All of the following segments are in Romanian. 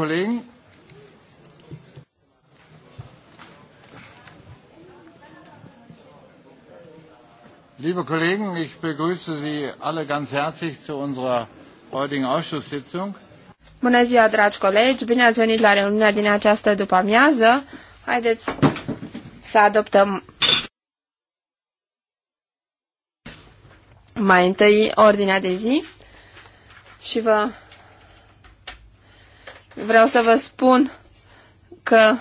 Kollegen. Liebe Kollegen, ich begrüße Sie alle ganz herzlich zu unserer heutigen Ausschusssitzung. Bună ziua, dragi colegi! Bine ați venit la reuniunea din această după-amiază. Haideți să adoptăm mai întâi ordinea de zi și vă Vreau să vă spun că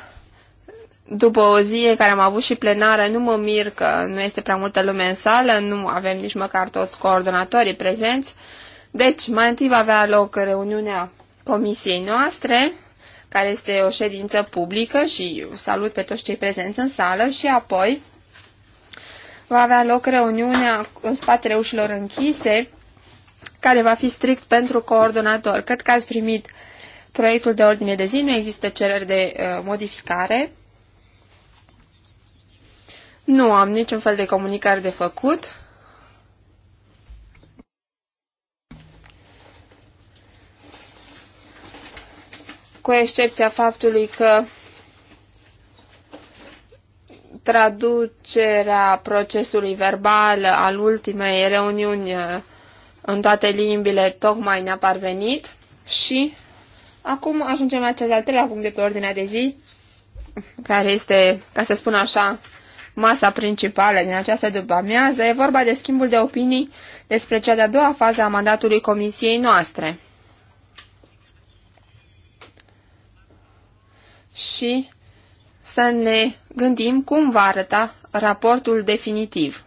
după o zi care am avut și plenară, nu mă mir că nu este prea multă lume în sală, nu avem nici măcar toți coordonatorii prezenți. Deci, mai întâi va avea loc reuniunea comisiei noastre, care este o ședință publică și salut pe toți cei prezenți în sală și apoi va avea loc reuniunea în spatele ușilor închise, care va fi strict pentru coordonator. Cred că ați primit proiectul de ordine de zi, nu există cereri de uh, modificare. Nu am niciun fel de comunicare de făcut. Cu excepția faptului că traducerea procesului verbal al ultimei reuniuni uh, în toate limbile tocmai ne-a parvenit și Acum ajungem la cel de-al treilea punct de pe ordinea de zi, care este, ca să spun așa, masa principală din această după-amiază, e vorba de schimbul de opinii despre cea de-a doua fază a mandatului comisiei noastre. Și să ne gândim cum va arăta raportul definitiv.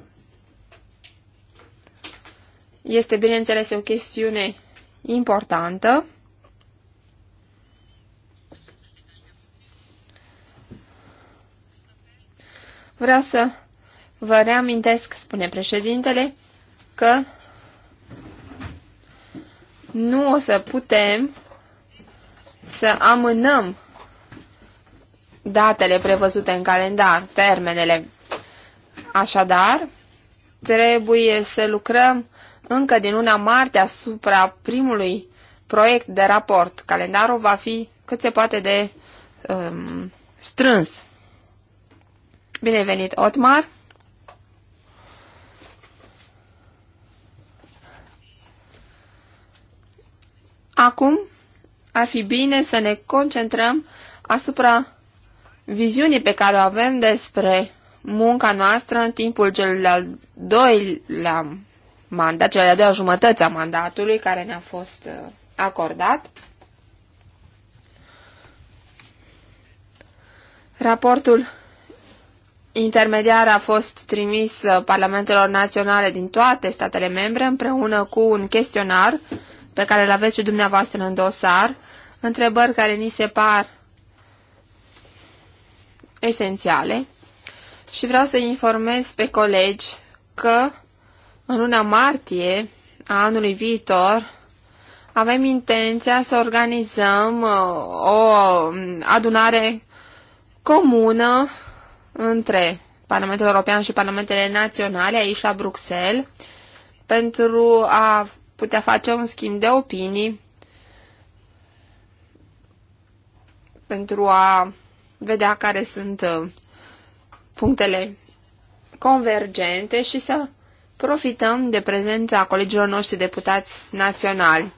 Este, bineînțeles, o chestiune importantă Vreau să vă reamintesc, spune președintele, că nu o să putem să amânăm datele prevăzute în calendar, termenele. Așadar, trebuie să lucrăm încă din luna martie asupra primului proiect de raport. Calendarul va fi cât se poate de um, strâns. Bine venit, Otmar! Acum ar fi bine să ne concentrăm asupra viziunii pe care o avem despre munca noastră în timpul cel de-al doilea mandat, cel de-a doua jumătăți a mandatului care ne-a fost uh, acordat. Raportul intermediar a fost trimis uh, parlamentelor naționale din toate statele membre împreună cu un chestionar pe care îl aveți și dumneavoastră în dosar, întrebări care ni se par esențiale și vreau să informez pe colegi că în luna martie a anului viitor avem intenția să organizăm uh, o um, adunare comună între Parlamentul European și Parlamentele Naționale aici la Bruxelles pentru a putea face un schimb de opinii, pentru a vedea care sunt uh, punctele convergente și să profităm de prezența colegilor noștri deputați naționali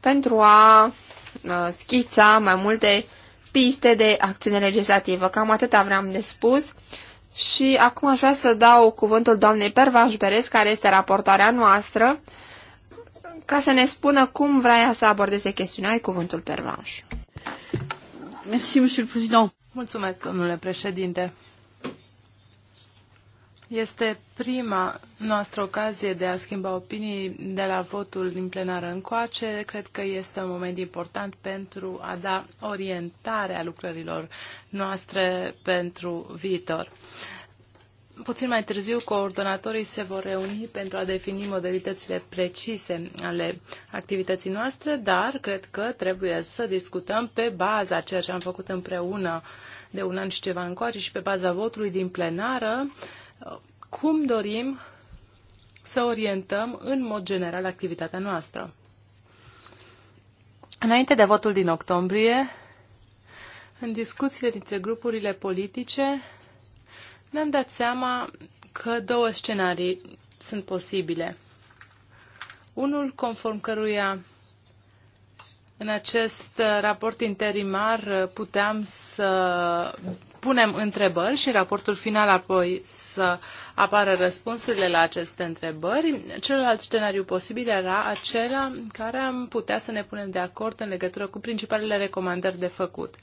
pentru a uh, schița mai multe piste de acțiune legislativă. Cam atât vreau de spus. Și acum aș vrea să dau cuvântul doamnei Pervaș Beres, care este raportoarea noastră, ca să ne spună cum vrea să abordeze chestiunea. Ai cuvântul Pervaș. Mulțumesc, domnule președinte. Este prima noastră ocazie de a schimba opinii de la votul din plenară încoace. Cred că este un moment important pentru a da orientare a lucrărilor noastre pentru viitor. Puțin mai târziu, coordonatorii se vor reuni pentru a defini modalitățile precise ale activității noastre, dar cred că trebuie să discutăm pe baza ceea ce am făcut împreună de un an și ceva încoace și pe baza votului din plenară cum dorim să orientăm în mod general activitatea noastră. Înainte de votul din octombrie, în discuțiile dintre grupurile politice, ne-am dat seama că două scenarii sunt posibile. Unul conform căruia în acest raport interimar puteam să punem întrebări și în raportul final apoi să apară răspunsurile la aceste întrebări. Celălalt scenariu posibil era acela în care am putea să ne punem de acord în legătură cu principalele recomandări de făcut.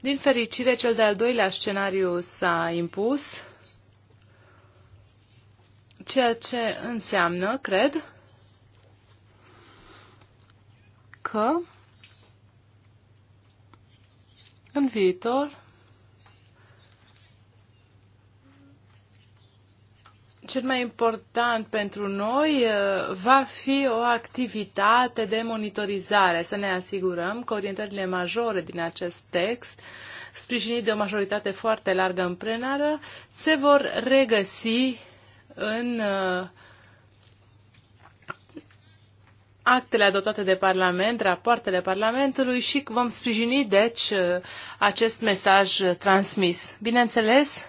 Din fericire, cel de-al doilea scenariu s-a impus, ceea ce înseamnă, cred, că în viitor cel mai important pentru noi uh, va fi o activitate de monitorizare, să ne asigurăm că orientările majore din acest text, sprijinit de o majoritate foarte largă în plenară, se vor regăsi în uh, actele adoptate de Parlament, rapoartele Parlamentului și vom sprijini, deci, uh, acest mesaj transmis. Bineînțeles,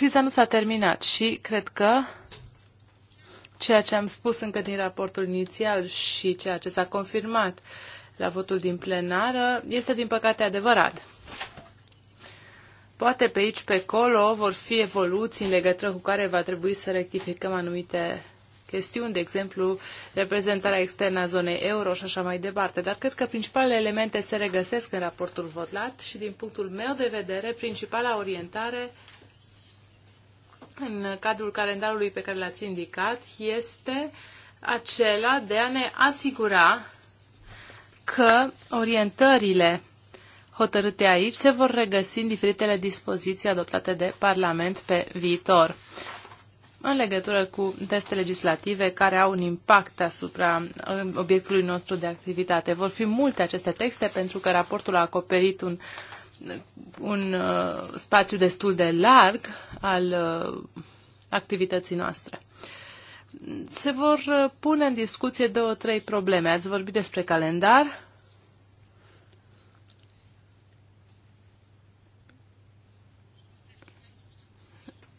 criza nu s-a terminat și cred că ceea ce am spus încă din raportul inițial și ceea ce s-a confirmat la votul din plenară este din păcate adevărat. Poate pe aici, pe acolo, vor fi evoluții în legătură cu care va trebui să rectificăm anumite chestiuni, de exemplu, reprezentarea externă a zonei euro și așa mai departe. Dar cred că principalele elemente se regăsesc în raportul votat și, din punctul meu de vedere, principala orientare în cadrul calendarului pe care l-ați indicat este acela de a ne asigura că orientările hotărâte aici se vor regăsi în diferitele dispoziții adoptate de Parlament pe viitor în legătură cu teste legislative care au un impact asupra obiectului nostru de activitate. Vor fi multe aceste texte pentru că raportul a acoperit un uh, un uh, spațiu destul de larg al uh, activității noastre. Se vor uh, pune în discuție două, trei probleme. Ați vorbit despre calendar.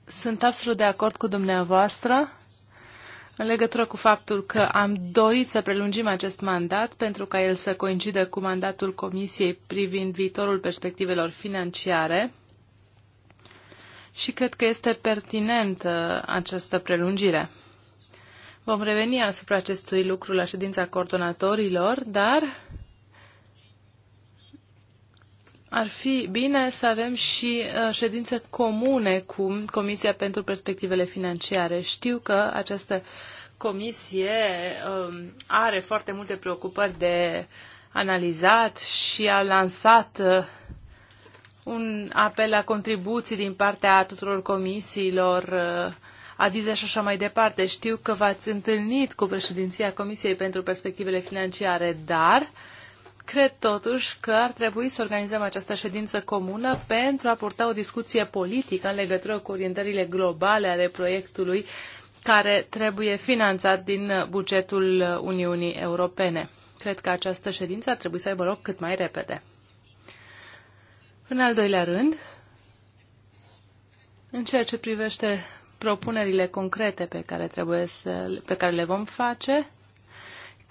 Sunt absolut de acord cu dumneavoastră în legătură cu faptul că am dorit să prelungim acest mandat pentru ca el să coincidă cu mandatul Comisiei privind viitorul perspectivelor financiare și cred că este pertinentă uh, această prelungire. Vom reveni asupra acestui lucru la ședința coordonatorilor, dar ar fi bine să avem și uh, ședințe comune cu Comisia pentru Perspectivele Financiare. Știu că această comisie um, are foarte multe preocupări de analizat și a lansat uh, un apel la contribuții din partea tuturor comisiilor, uh, avize și așa mai departe. Știu că v-ați întâlnit cu președinția Comisiei pentru Perspectivele Financiare, dar uh, Cred totuși că ar trebui să organizăm această ședință comună pentru a purta o discuție politică în legătură cu orientările globale ale proiectului care trebuie finanțat din bugetul Uniunii Europene. Cred că această ședință ar trebui să aibă loc cât mai repede. În al doilea rând, în ceea ce privește propunerile concrete pe care, trebuie să, pe care le vom face,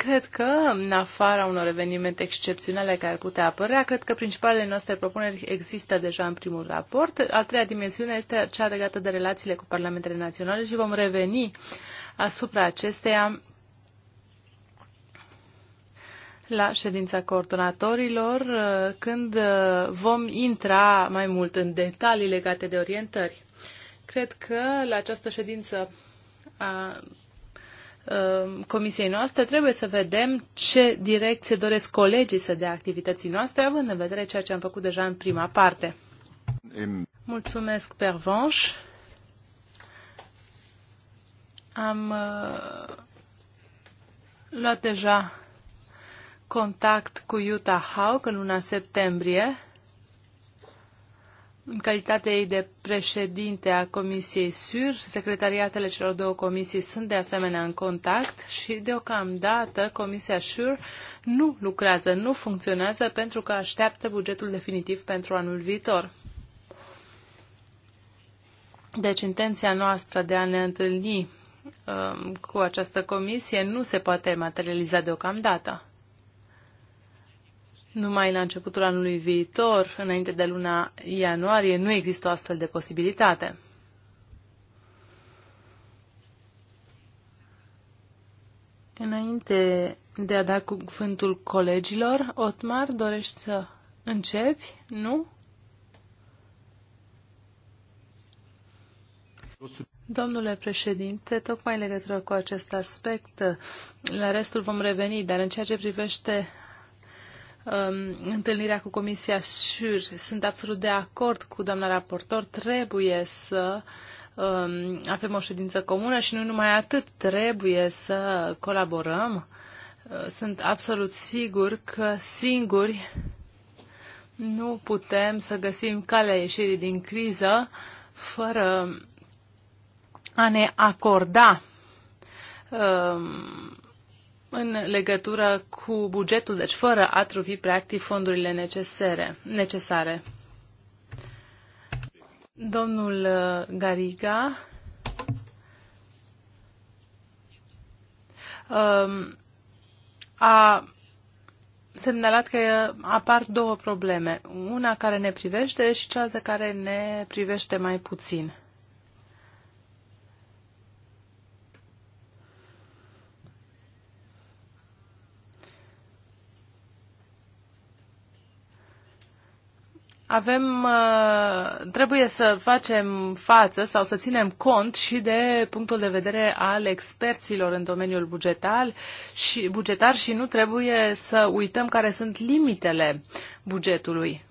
Cred că, în afara unor evenimente excepționale care ar putea apărea, cred că principalele noastre propuneri există deja în primul raport. Al treia dimensiune este cea legată de relațiile cu parlamentele naționale și vom reveni asupra acesteia la ședința coordonatorilor, uh, când uh, vom intra mai mult în detalii legate de orientări. Cred că la această ședință a Um, comisiei noastre, trebuie să vedem ce direcție doresc colegii să dea activității noastre, având în vedere ceea ce am făcut deja în prima parte. In... Mulțumesc, Pervanș. Am uh, luat deja contact cu Utah Hawk în luna septembrie în calitate ei de președinte a Comisiei SUR, secretariatele celor două comisii sunt de asemenea în contact și deocamdată Comisia SUR nu lucrează, nu funcționează pentru că așteaptă bugetul definitiv pentru anul viitor. Deci intenția noastră de a ne întâlni uh, cu această comisie nu se poate materializa deocamdată. Numai la începutul anului viitor, înainte de luna ianuarie, nu există o astfel de posibilitate. Înainte de a da cuvântul colegilor, Otmar, dorești să începi? Nu? Domnule președinte, tocmai legătură cu acest aspect, la restul vom reveni, dar în ceea ce privește Um, întâlnirea cu Comisia SUR. Sunt absolut de acord cu doamna raportor. Trebuie să um, avem o ședință comună și nu numai atât. Trebuie să colaborăm. Uh, sunt absolut sigur că singuri nu putem să găsim calea ieșirii din criză fără a ne acorda um, în legătură cu bugetul, deci fără a trufi practic fondurile necesare. necesare. Domnul uh, Gariga um, a semnalat că apar două probleme, una care ne privește și cealaltă care ne privește mai puțin. avem, uh, trebuie să facem față sau să ținem cont și de punctul de vedere al experților în domeniul bugetar și, bugetar și nu trebuie să uităm care sunt limitele bugetului.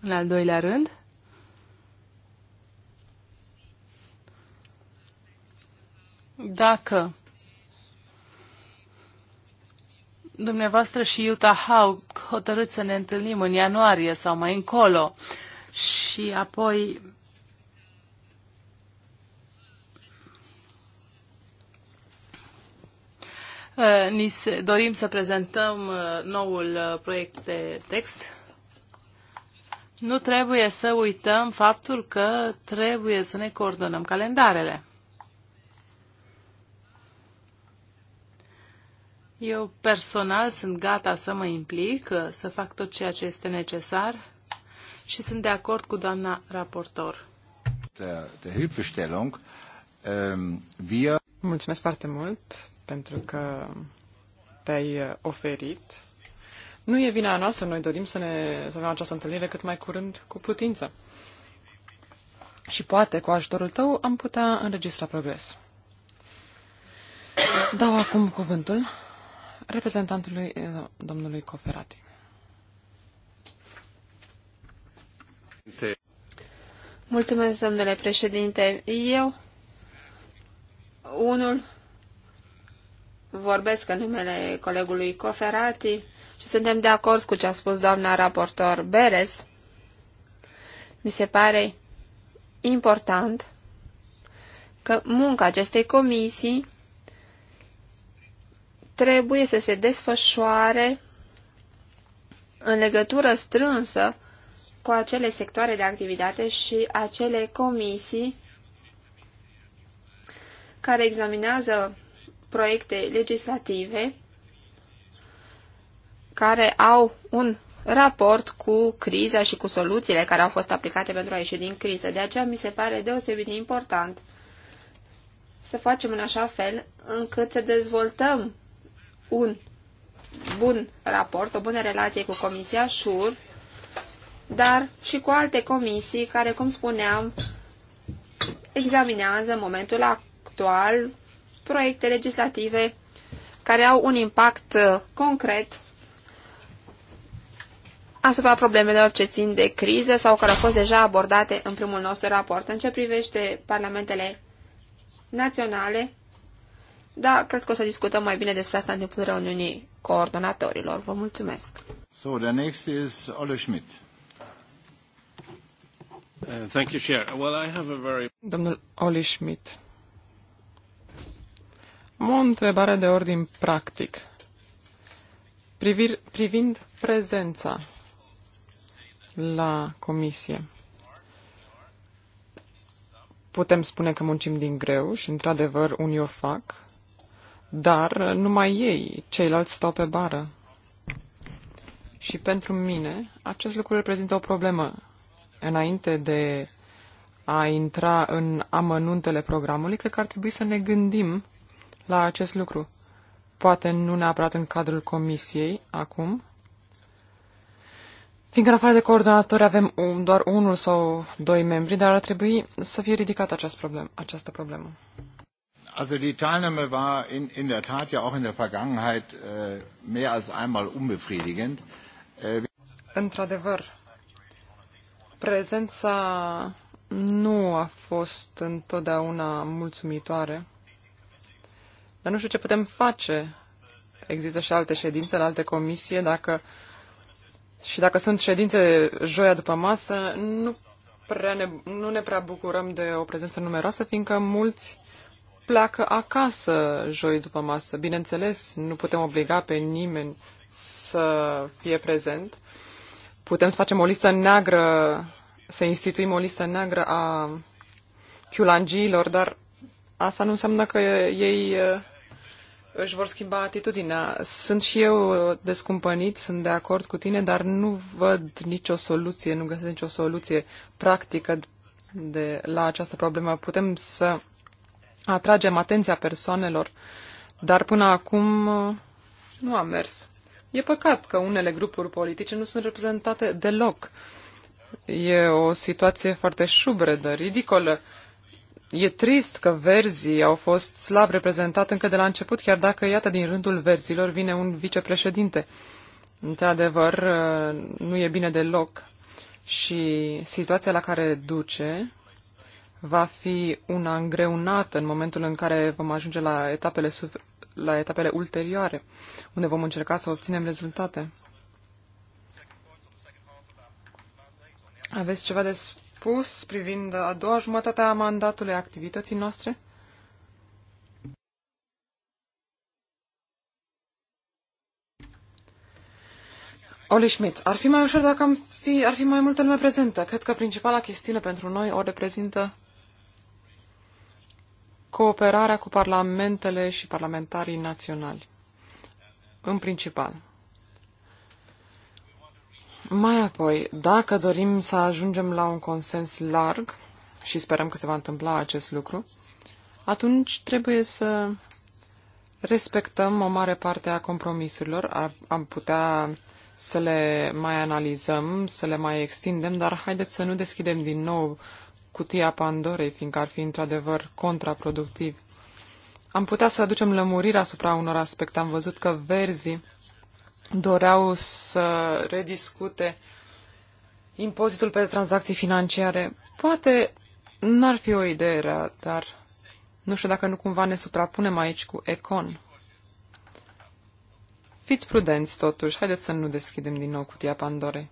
În al doilea rând, dacă dumneavoastră și Utah Hau hotărât să ne întâlnim în ianuarie sau mai încolo și apoi uh, ni se, dorim să prezentăm uh, noul uh, proiect de text. Nu trebuie să uităm faptul că trebuie să ne coordonăm calendarele. Eu personal sunt gata să mă implic, să fac tot ceea ce este necesar și sunt de acord cu doamna raportor. Der, der Hilfestellung, um, wir... Mulțumesc foarte mult pentru că te-ai oferit. Nu e vina noastră, noi dorim să, ne, să avem această întâlnire cât mai curând cu putință. Și poate, cu ajutorul tău, am putea înregistra progres. Dau acum cuvântul reprezentantului eh, domnului Coferati. Mulțumesc, domnule președinte. Eu, unul, vorbesc în numele colegului Coferati și suntem de acord cu ce a spus doamna raportor Beres. Mi se pare important că munca acestei comisii trebuie să se desfășoare în legătură strânsă cu acele sectoare de activitate și acele comisii care examinează proiecte legislative care au un raport cu criza și cu soluțiile care au fost aplicate pentru a ieși din criză. De aceea mi se pare deosebit de important să facem în așa fel încât să dezvoltăm un bun raport, o bună relație cu Comisia SUR, dar și cu alte comisii care, cum spuneam, examinează în momentul actual proiecte legislative care au un impact uh, concret asupra problemelor ce țin de criză sau care au fost deja abordate în primul nostru raport. În ce privește parlamentele naționale, da, cred că o să discutăm mai bine despre asta în timpul reuniunii coordonatorilor. Vă mulțumesc. So, the next is Ole Schmidt. Uh, thank you, Chair. Well, I have a very... Domnul Oli Schmidt. Am o întrebare de ordin practic. Privir, privind prezența la comisie, putem spune că muncim din greu și, într-adevăr, unii o fac, dar numai ei, ceilalți stau pe bară. Și pentru mine, acest lucru reprezintă o problemă. Înainte de a intra în amănuntele programului, cred că ar trebui să ne gândim la acest lucru. Poate nu neapărat în cadrul comisiei acum, fiindcă în afară de coordonatori avem un, doar unul sau doi membri, dar ar trebui să fie ridicată această problemă. Această problemă. Also die Teilnahme war in, in der Tat ja auch in der Vergangenheit äh, mehr als einmal unbefriedigend. Äh, Într-adevăr, prezența nu a fost întotdeauna mulțumitoare. Dar nu știu ce putem face. Există și alte ședințe la alte comisie. Dacă, și dacă sunt ședințe joia după masă, nu, prea ne, nu ne prea bucurăm de o prezență numeroasă, fiindcă mulți pleacă acasă joi după masă. Bineînțeles, nu putem obliga pe nimeni să fie prezent. Putem să facem o listă neagră, să instituim o listă neagră a chiulangiilor, dar asta nu înseamnă că ei uh, își vor schimba atitudinea. Sunt și eu descumpănit, sunt de acord cu tine, dar nu văd nicio soluție, nu găsesc nicio soluție practică de la această problemă. Putem să atragem atenția persoanelor, dar până acum uh, nu a mers. E păcat că unele grupuri politice nu sunt reprezentate deloc. E o situație foarte șubredă, ridicolă. E trist că verzii au fost slab reprezentat încă de la început, chiar dacă, iată, din rândul verzilor vine un vicepreședinte. Într-adevăr, uh, nu e bine deloc. Și situația la care duce va fi una îngreunată în momentul în care vom ajunge la etapele, la etapele ulterioare, unde vom încerca să obținem rezultate. Aveți ceva de spus privind a doua jumătate a mandatului activității noastre? Oli Schmidt, ar fi mai ușor dacă am fi, ar fi mai multă lume prezentă. Cred că principala chestiune pentru noi o reprezintă cooperarea cu parlamentele și parlamentarii naționali, în principal. Mai apoi, dacă dorim să ajungem la un consens larg, și sperăm că se va întâmpla acest lucru, atunci trebuie să respectăm o mare parte a compromisurilor. Am putea să le mai analizăm, să le mai extindem, dar haideți să nu deschidem din nou cutia Pandorei, fiindcă ar fi într-adevăr contraproductiv. Am putea să aducem lămuriri asupra unor aspecte. Am văzut că verzii doreau să rediscute impozitul pe tranzacții financiare. Poate n-ar fi o idee rea, dar nu știu dacă nu cumva ne suprapunem aici cu Econ. Fiți prudenți, totuși. Haideți să nu deschidem din nou cutia Pandorei.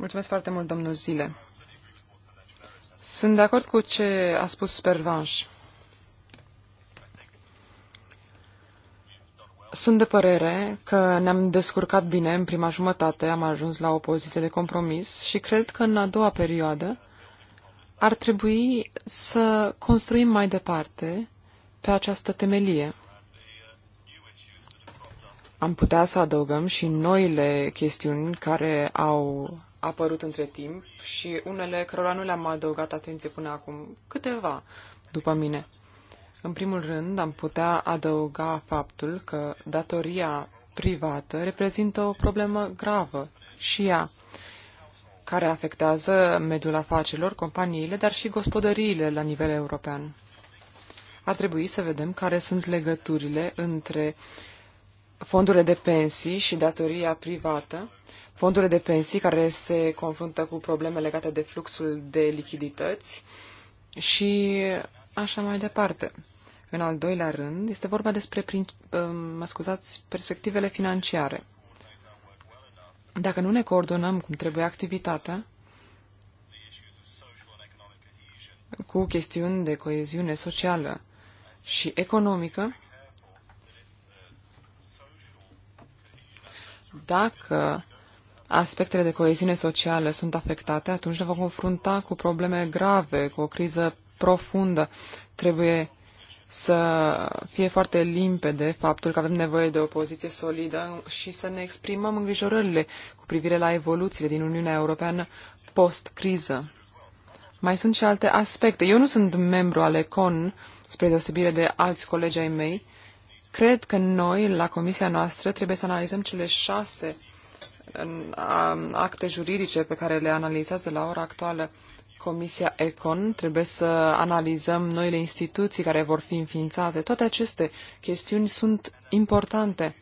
Mulțumesc foarte mult, domnul Zile. Sunt de acord cu ce a spus Pervanș. Sunt de părere că ne-am descurcat bine în prima jumătate, am ajuns la o poziție de compromis și cred că în a doua perioadă ar trebui să construim mai departe pe această temelie. Am putea să adăugăm și noile chestiuni care au apărut între timp și unele cărora nu le-am adăugat atenție până acum, câteva după mine. În primul rând, am putea adăuga faptul că datoria privată reprezintă o problemă gravă și ea, care afectează mediul afacerilor, companiile, dar și gospodăriile la nivel european. Ar trebui să vedem care sunt legăturile între fondurile de pensii și datoria privată fondurile de pensii care se confruntă cu probleme legate de fluxul de lichidități și așa mai departe. În al doilea rând, este vorba despre, um, mă scuzați, perspectivele financiare. Dacă nu ne coordonăm cum trebuie activitatea, cu chestiuni de coeziune socială și economică, dacă aspectele de coeziune socială sunt afectate, atunci ne vom confrunta cu probleme grave, cu o criză profundă. Trebuie să fie foarte limpede faptul că avem nevoie de o poziție solidă și să ne exprimăm îngrijorările cu privire la evoluțiile din Uniunea Europeană post-criză. Mai sunt și alte aspecte. Eu nu sunt membru al ECON, spre deosebire de alți colegi ai mei. Cred că noi, la comisia noastră, trebuie să analizăm cele șase uh, Um, acte juridice pe care le analizează la ora actuală Comisia Econ, trebuie să analizăm noile instituții care vor fi înființate. Toate aceste chestiuni sunt importante.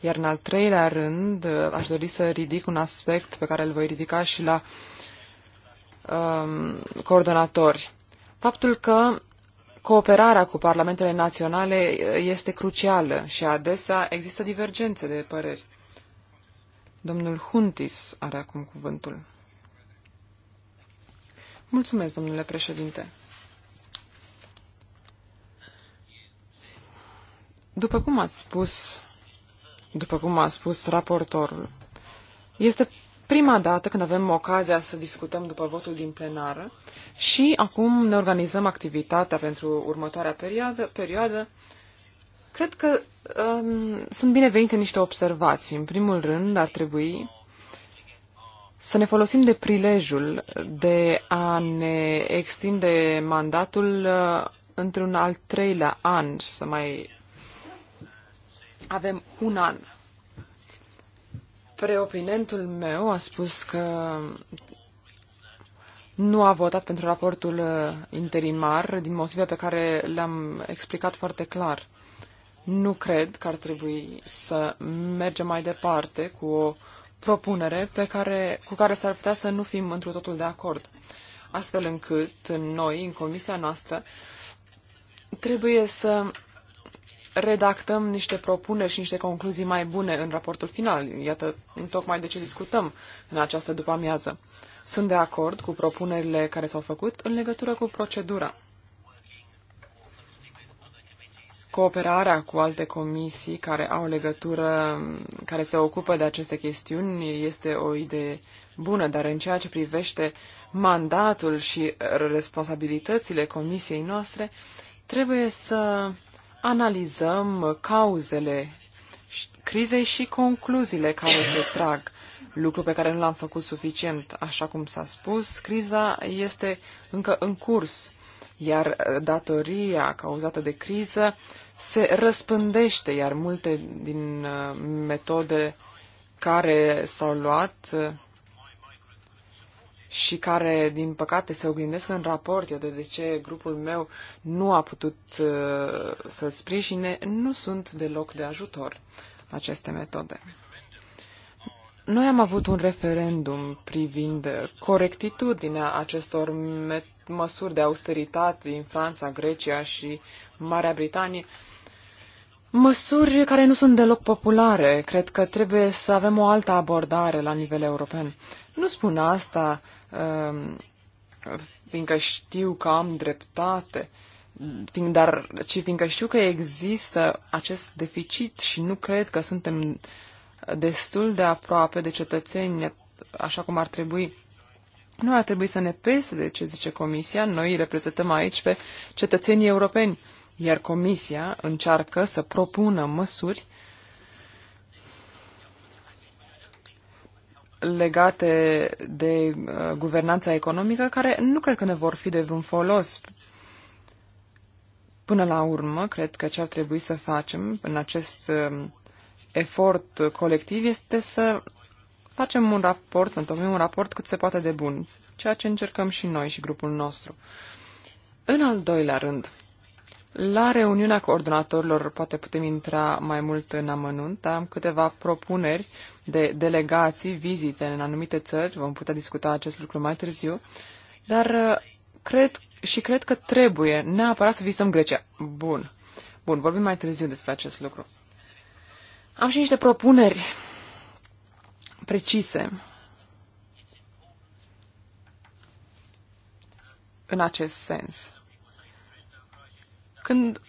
Iar în al treilea rând, uh, aș dori să ridic un aspect pe care îl voi ridica și la um, coordonatori. Faptul că cooperarea cu parlamentele naționale uh, este crucială și adesea există divergențe de păreri. Domnul Huntis are acum cuvântul. Mulțumesc, domnule președinte. După cum ați spus, după cum a spus raportorul, este prima dată când avem ocazia să discutăm după votul din plenară și acum ne organizăm activitatea pentru următoarea perioadă. perioadă. Cred că um, sunt binevenite niște observații. În primul rând, ar trebui să ne folosim de prilejul de a ne extinde mandatul uh, într-un al treilea an, să mai avem un an. Preopinentul meu a spus că nu a votat pentru raportul uh, interimar din motive pe care le-am explicat foarte clar. Nu cred că ar trebui să mergem mai departe cu o propunere pe care, cu care s-ar putea să nu fim întru totul de acord. Astfel încât noi, în comisia noastră, trebuie să redactăm niște propuneri și niște concluzii mai bune în raportul final. Iată, tocmai de ce discutăm în această după-amiază. Sunt de acord cu propunerile care s-au făcut în legătură cu procedura. Cooperarea cu alte comisii care au legătură, care se ocupă de aceste chestiuni, este o idee bună, dar în ceea ce privește mandatul și responsabilitățile comisiei noastre, trebuie să analizăm cauzele crizei și concluziile care se trag. Lucru pe care nu l-am făcut suficient, așa cum s-a spus, criza este încă în curs iar uh, datoria cauzată de criză se răspândește, iar multe din uh, metode care s-au luat uh, și care, din păcate, se oglindesc în raport, de de ce grupul meu nu a putut să sprijine, nu sunt deloc de ajutor aceste metode. Noi am avut un referendum privind corectitudinea acestor metode măsuri de austeritate din Franța, Grecia și Marea Britanie, măsuri care nu sunt deloc populare. Cred că trebuie să avem o altă abordare la nivel european. Nu spun asta um, fiindcă știu că am dreptate, fiind, dar, ci fiindcă știu că există acest deficit și nu cred că suntem destul de aproape de cetățeni așa cum ar trebui. Nu ar trebui să ne pese de ce zice Comisia, noi reprezentăm aici pe cetățenii europeni, iar Comisia încearcă să propună măsuri legate de uh, guvernanța economică care nu cred că ne vor fi de vreun folos. Până la urmă, cred că ce ar trebui să facem în acest uh, efort colectiv este să facem un raport, să întocmim un raport cât se poate de bun, ceea ce încercăm și noi și grupul nostru. În al doilea rând, la reuniunea coordonatorilor poate putem intra mai mult în amănunt, dar am câteva propuneri de delegații, vizite în anumite țări, vom putea discuta acest lucru mai târziu, dar uh, cred și cred că trebuie neapărat să visăm Grecia. Bun. Bun, vorbim mai târziu despre acest lucru. Am și niște propuneri precise. În acest sens. Când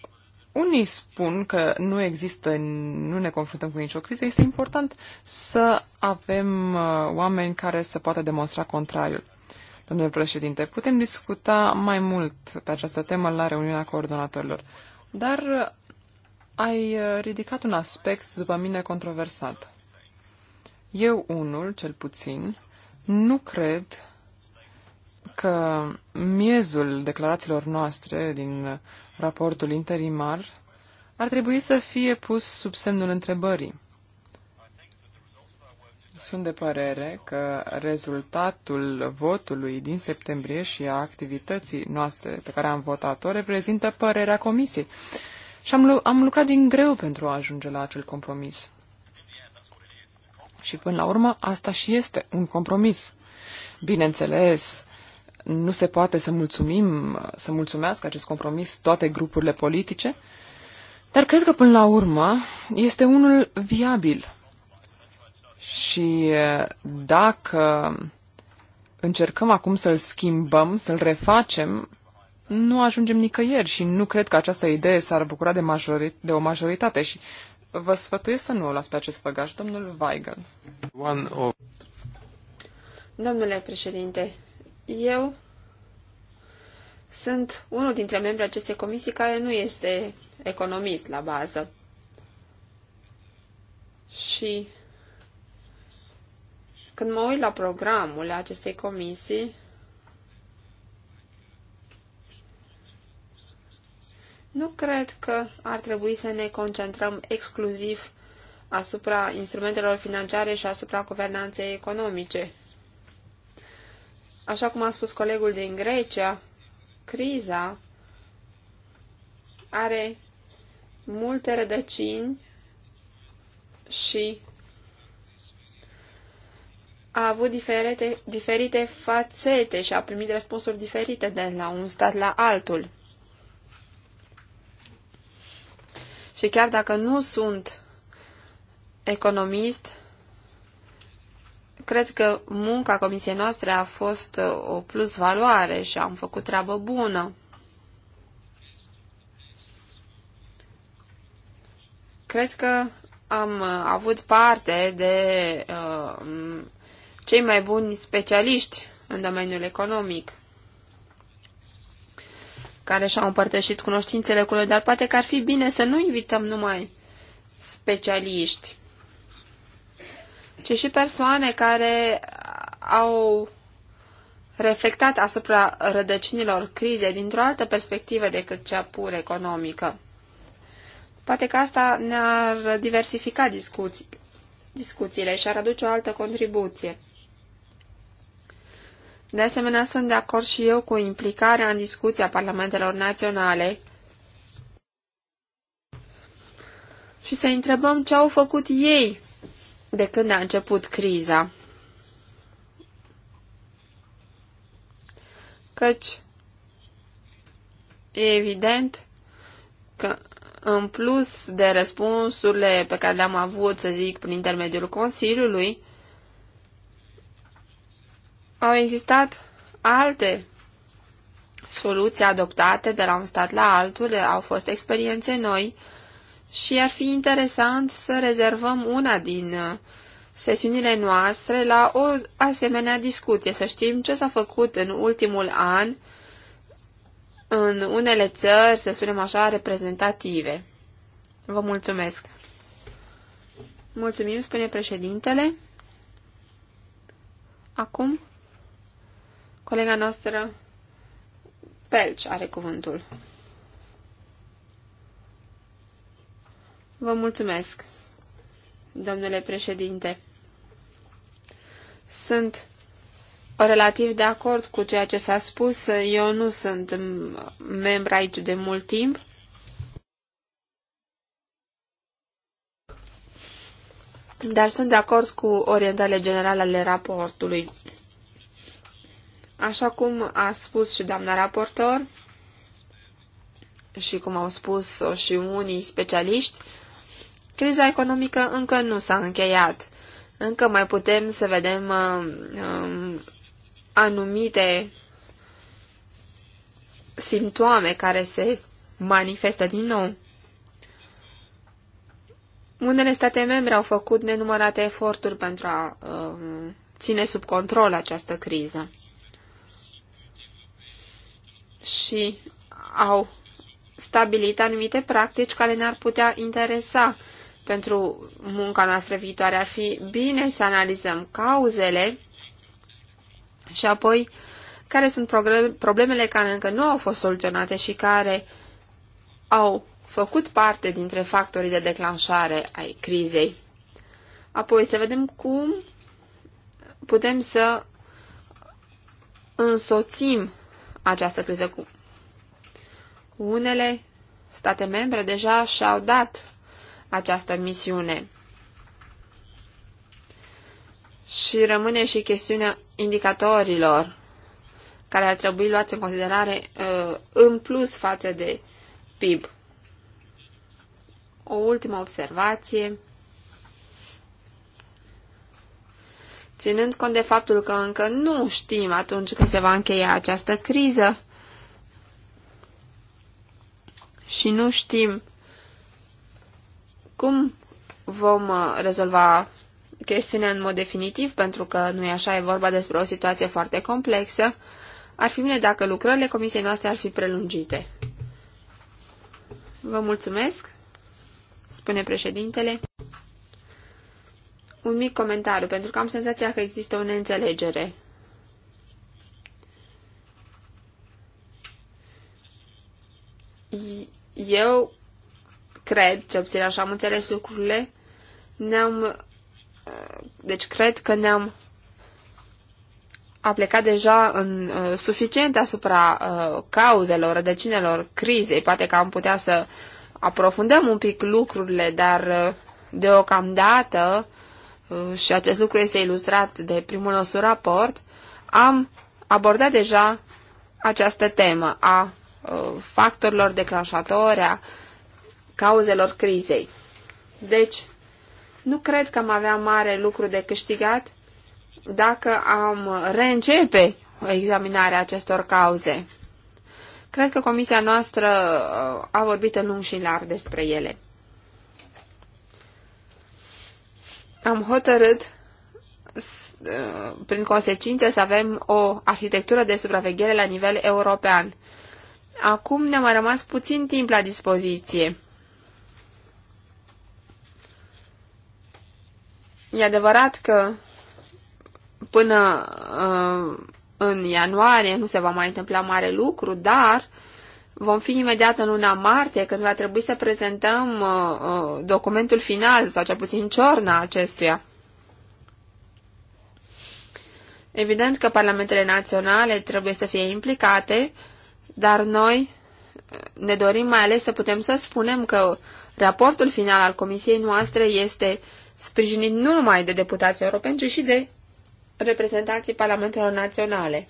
unii spun că nu există, nu ne confruntăm cu nicio criză, este important să avem uh, oameni care să poată demonstra contrariul. Domnule președinte, putem discuta mai mult pe această temă la reuniunea coordonatorilor, dar uh, ai uh, ridicat un aspect, după mine, controversat. Eu unul, cel puțin, nu cred că miezul declarațiilor noastre din raportul interimar ar trebui să fie pus sub semnul întrebării. Sunt de părere că rezultatul votului din septembrie și a activității noastre pe care am votat-o reprezintă părerea comisiei. Și am, lu- am lucrat din greu pentru a ajunge la acel compromis. Și până la urmă, asta și este un compromis. Bineînțeles, nu se poate să mulțumim, să mulțumească acest compromis toate grupurile politice, dar cred că până la urmă este unul viabil. Și dacă încercăm acum să-l schimbăm, să-l refacem, nu ajungem nicăieri și nu cred că această idee s-ar bucura de, majori- de o majoritate și vă sfătuiesc să nu o las pe acest făgaș, domnul Weigel. One of... Domnule președinte, eu sunt unul dintre membrii acestei comisii care nu este economist la bază. Și când mă uit la programul acestei comisii, Nu cred că ar trebui să ne concentrăm exclusiv asupra instrumentelor financiare și asupra guvernanței economice. Așa cum a spus colegul din Grecia, criza are multe rădăcini și a avut diferite, diferite fațete și a primit răspunsuri diferite de la un stat la altul. și chiar dacă nu sunt economist, cred că munca comisiei noastre a fost uh, o plus valoare și am făcut treabă bună. Cred că am uh, avut parte de uh, cei mai buni specialiști în domeniul economic care și-au împărtășit cunoștințele cu noi, dar poate că ar fi bine să nu invităm numai specialiști, ci și persoane care au reflectat asupra rădăcinilor crizei dintr-o altă perspectivă decât cea pur economică. Poate că asta ne-ar diversifica discuții, discuțiile și ar aduce o altă contribuție. De asemenea, sunt de acord și eu cu implicarea în discuția parlamentelor naționale și să întrebăm ce au făcut ei de când a început criza. Căci e evident că în plus de răspunsurile pe care le-am avut, să zic, prin intermediul Consiliului, au existat alte soluții adoptate de la un stat la altul, au fost experiențe noi și ar fi interesant să rezervăm una din uh, sesiunile noastre la o asemenea discuție, să știm ce s-a făcut în ultimul an în unele țări, să spunem așa, reprezentative. Vă mulțumesc! Mulțumim, spune președintele. Acum Colega noastră, Pelci, are cuvântul. Vă mulțumesc, domnule președinte. Sunt relativ de acord cu ceea ce s-a spus. Eu nu sunt membru aici de mult timp. Dar sunt de acord cu orientările generale ale raportului. Așa cum a spus și doamna raportor și cum au spus-o și unii specialiști, criza economică încă nu s-a încheiat. Încă mai putem să vedem uh, um, anumite simptome care se manifestă din nou. Unele state membre au făcut nenumărate eforturi pentru a um, ține sub control această criză și au stabilit anumite practici care ne-ar putea interesa pentru munca noastră viitoare. Ar fi bine să analizăm cauzele și apoi care sunt problemele care încă nu au fost soluționate și care au făcut parte dintre factorii de declanșare ai crizei. Apoi să vedem cum putem să însoțim această criză cu unele state membre deja și-au dat această misiune. Și rămâne și chestiunea indicatorilor care ar trebui luați în considerare uh, în plus față de PIB. O ultimă observație. ținând cont de faptul că încă nu știm atunci când se va încheia această criză și nu știm cum vom uh, rezolva chestiunea în mod definitiv, pentru că nu e așa, e vorba despre o situație foarte complexă, ar fi bine dacă lucrările comisiei noastre ar fi prelungite. Vă mulțumesc, spune președintele un mic comentariu, pentru că am senzația că există o neînțelegere. Eu cred, ce obțin așa am înțeles lucrurile, ne-am... Deci cred că ne-am a plecat deja în, uh, suficient asupra uh, cauzelor, rădăcinelor crizei. Poate că am putea să aprofundăm un pic lucrurile, dar uh, deocamdată Uh, și acest lucru este ilustrat de primul nostru raport, am abordat deja această temă a uh, factorilor declanșatori, a cauzelor crizei. Deci, nu cred că am avea mare lucru de câștigat dacă am reîncepe examinarea acestor cauze. Cred că comisia noastră uh, a vorbit în lung și larg despre ele. am hotărât uh, prin consecință să avem o arhitectură de supraveghere la nivel european. Acum ne-a mai rămas puțin timp la dispoziție. E adevărat că până uh, în ianuarie nu se va mai întâmpla mare lucru, dar uh, Vom fi imediat în luna martie, când va trebui să prezentăm uh, uh, documentul final, sau cel puțin ciorna acestuia. Evident că parlamentele naționale trebuie să fie implicate, dar noi uh, ne dorim mai ales să putem să spunem că raportul final al comisiei noastre este sprijinit nu numai de deputații europeni, ci și de reprezentanții parlamentelor naționale.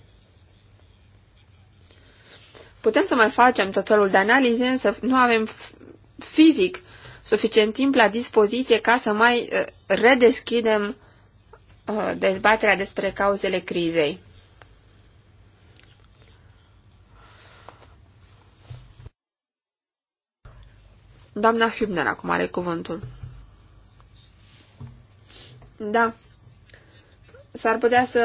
Putem să mai facem tot felul de analize, însă nu avem fizic suficient timp la dispoziție ca să mai uh, redeschidem uh, dezbaterea despre cauzele crizei. Doamna Hübner acum are cuvântul. Da. S-ar putea să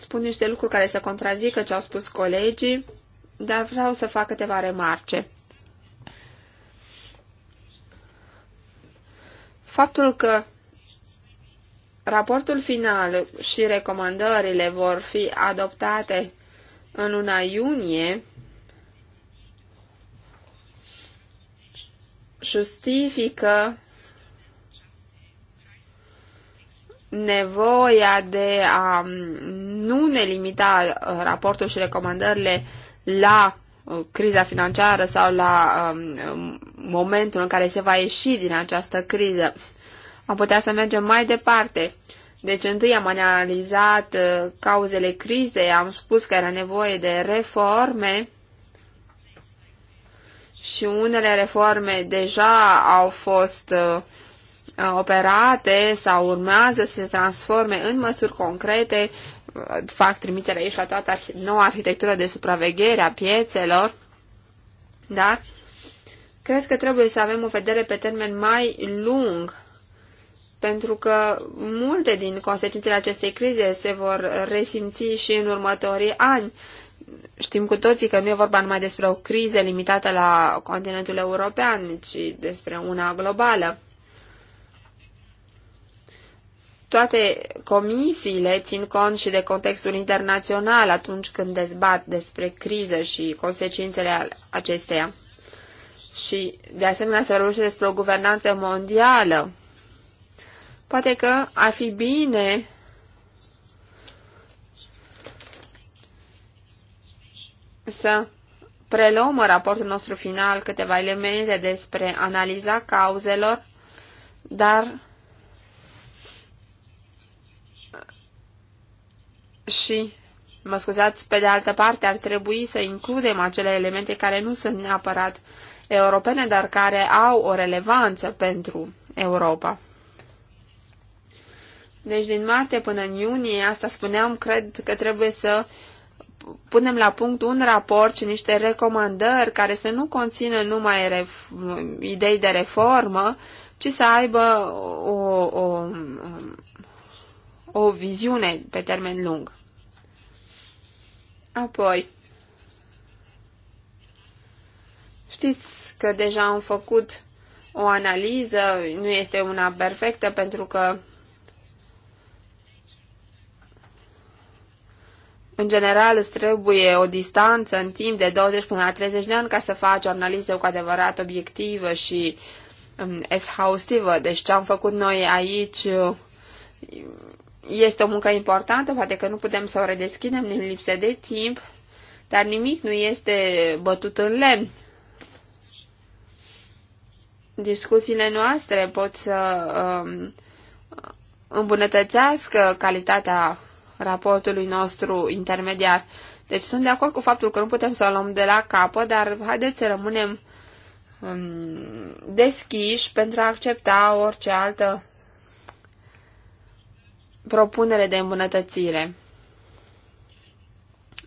spun niște lucruri care să contrazică ce au spus colegii dar vreau să fac câteva remarce. Faptul că raportul final și recomandările vor fi adoptate în luna iunie justifică nevoia de a nu ne limita raportul și recomandările la uh, criza financiară sau la um, um, momentul în care se va ieși din această criză. Am putea să mergem mai departe. Deci întâi am analizat uh, cauzele crizei, am spus că era nevoie de reforme și unele reforme deja au fost uh, operate sau urmează să se transforme în măsuri concrete fac trimitere aici la toată noua arhitectură de supraveghere a piețelor, da? Cred că trebuie să avem o vedere pe termen mai lung, pentru că multe din consecințele acestei crize se vor resimți și în următorii ani. Știm cu toții că nu e vorba numai despre o criză limitată la continentul european, ci despre una globală. Toate comisiile țin cont și de contextul internațional atunci când dezbat despre criză și consecințele acesteia. Și, de asemenea, se vorbește despre o guvernanță mondială. Poate că ar fi bine să preluăm în raportul nostru final câteva elemente despre analiza cauzelor, dar și, mă scuzați, pe de altă parte ar trebui să includem acele elemente care nu sunt neapărat europene, dar care au o relevanță pentru Europa. Deci din martie până în iunie, asta spuneam, cred că trebuie să punem la punct un raport și niște recomandări care să nu conțină numai idei de reformă, ci să aibă o, o, o viziune pe termen lung. Apoi, știți că deja am făcut o analiză, nu este una perfectă pentru că În general, îți trebuie o distanță în timp de 20 până la 30 de ani ca să faci o analiză cu adevărat obiectivă și um, exhaustivă. Deci ce am făcut noi aici este o muncă importantă, poate că nu putem să o redeschidem din lipsă de timp, dar nimic nu este bătut în lemn. Discuțiile noastre pot să um, îmbunătățească calitatea raportului nostru intermediar. Deci sunt de acord cu faptul că nu putem să o luăm de la capă, dar haideți să rămânem um, deschiși pentru a accepta orice altă propunere de îmbunătățire.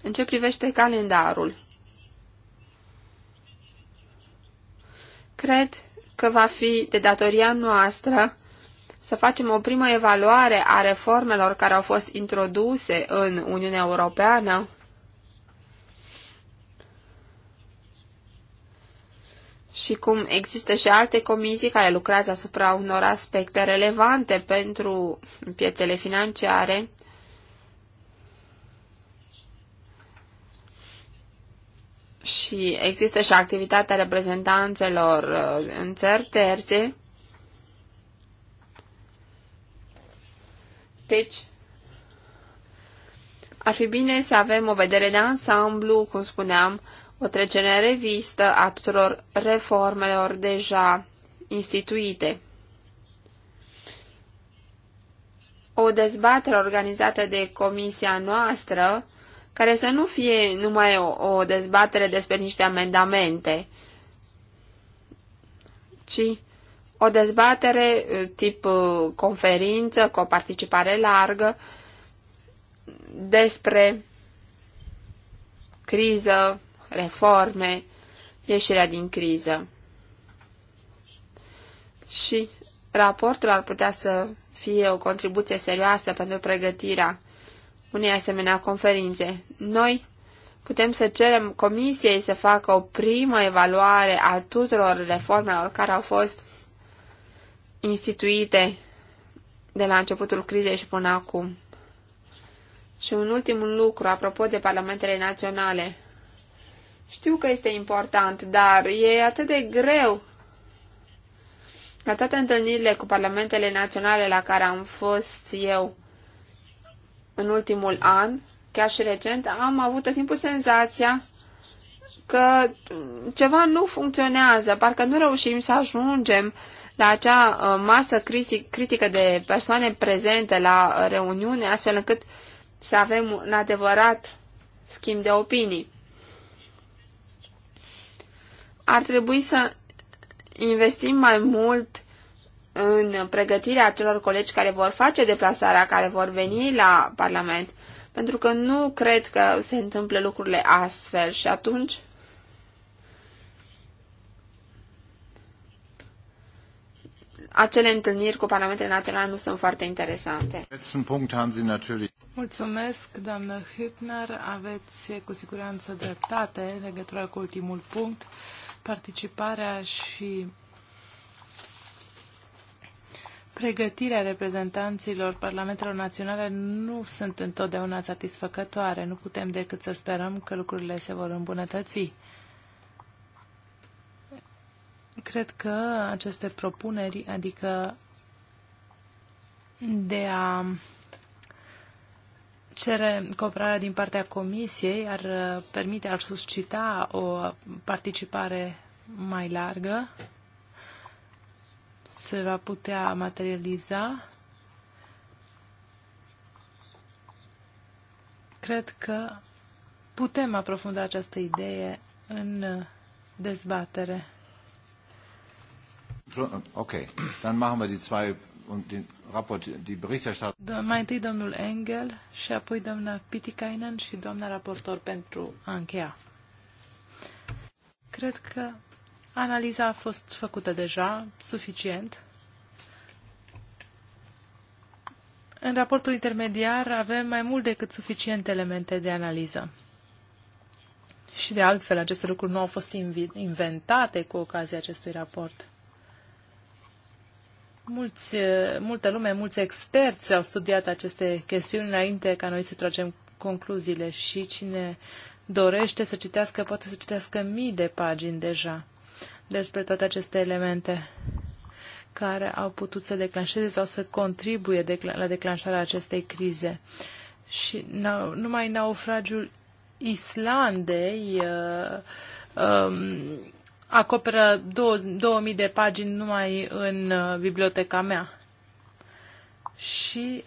În ce privește calendarul? Cred că va fi de datoria noastră să facem o primă evaluare a reformelor care au fost introduse în Uniunea Europeană și cum există și alte comisii care lucrează asupra unor aspecte relevante pentru piețele financiare. Și există și activitatea reprezentanțelor uh, în țări terțe. Deci, ar fi bine să avem o vedere de ansamblu, cum spuneam, o trecere revistă a tuturor reformelor deja instituite. O dezbatere organizată de comisia noastră, care să nu fie numai o, o dezbatere despre niște amendamente, ci o dezbatere uh, tip uh, conferință cu o participare largă despre criză, reforme, ieșirea din criză. Și raportul ar putea să fie o contribuție serioasă pentru pregătirea unei asemenea conferințe. Noi putem să cerem comisiei să facă o primă evaluare a tuturor reformelor care au fost instituite de la începutul crizei și până acum. Și un ultim lucru, apropo de parlamentele naționale. Știu că este important, dar e atât de greu. La toate întâlnirile cu parlamentele naționale la care am fost eu în ultimul an, chiar și recent, am avut tot timpul senzația că ceva nu funcționează, parcă nu reușim să ajungem la acea uh, masă critică de persoane prezente la reuniune, astfel încât să avem un adevărat schimb de opinii ar trebui să investim mai mult în pregătirea acelor colegi care vor face deplasarea, care vor veni la Parlament, pentru că nu cred că se întâmplă lucrurile astfel și atunci acele întâlniri cu Parlamentele Naționale nu sunt foarte interesante. Mulțumesc, doamnă Hübner. Aveți cu siguranță dreptate în legătură cu ultimul punct participarea și pregătirea reprezentanților parlamentelor naționale nu sunt întotdeauna satisfăcătoare. Nu putem decât să sperăm că lucrurile se vor îmbunătăți. Cred că aceste propuneri, adică de a cere cooperarea din partea Comisiei ar uh, permite, ar suscita o participare mai largă, se va putea materializa. Cred că putem aprofunda această idee în dezbatere. Ok, dann machen wir die zwei und den Mai întâi domnul Engel și apoi doamna Pitikainen și doamna raportor pentru a încheia. Cred că analiza a fost făcută deja suficient. În raportul intermediar avem mai mult decât suficiente elemente de analiză. Și de altfel, aceste lucruri nu au fost inventate cu ocazia acestui raport mulți, multă lume, mulți experți au studiat aceste chestiuni înainte ca noi să tragem concluziile și cine dorește să citească, poate să citească mii de pagini deja despre toate aceste elemente care au putut să declanșeze sau să contribuie la declanșarea acestei crize. Și numai naufragiul Islandei uh, um, acoperă 2000 de pagini numai în uh, biblioteca mea. Și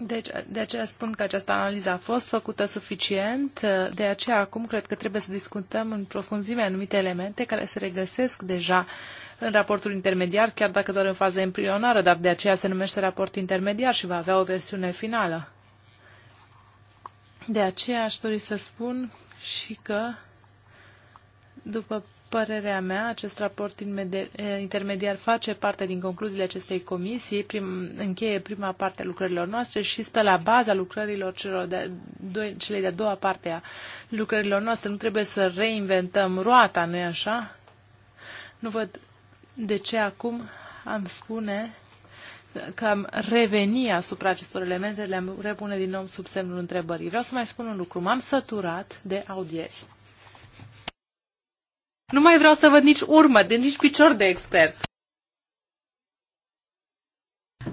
deci, de aceea spun că această analiză a fost făcută suficient, uh, de aceea acum cred că trebuie să discutăm în profunzime anumite elemente care se regăsesc deja în raportul intermediar, chiar dacă doar în fază embrionară, dar de aceea se numește raport intermediar și va avea o versiune finală. De aceea aș dori să spun și că, după părerea mea, acest raport intermediar face parte din concluziile acestei comisii, prim, încheie prima parte a lucrărilor noastre și stă la baza lucrărilor celor de, do, cele de-a doua parte a lucrărilor noastre. Nu trebuie să reinventăm roata, nu-i așa? Nu văd de ce acum am spune că am reveni asupra acestor elemente, le-am repune din nou sub semnul întrebării. Vreau să mai spun un lucru. M-am săturat de audieri. Nu mai vreau să văd nici urmă, de nici picior de expert.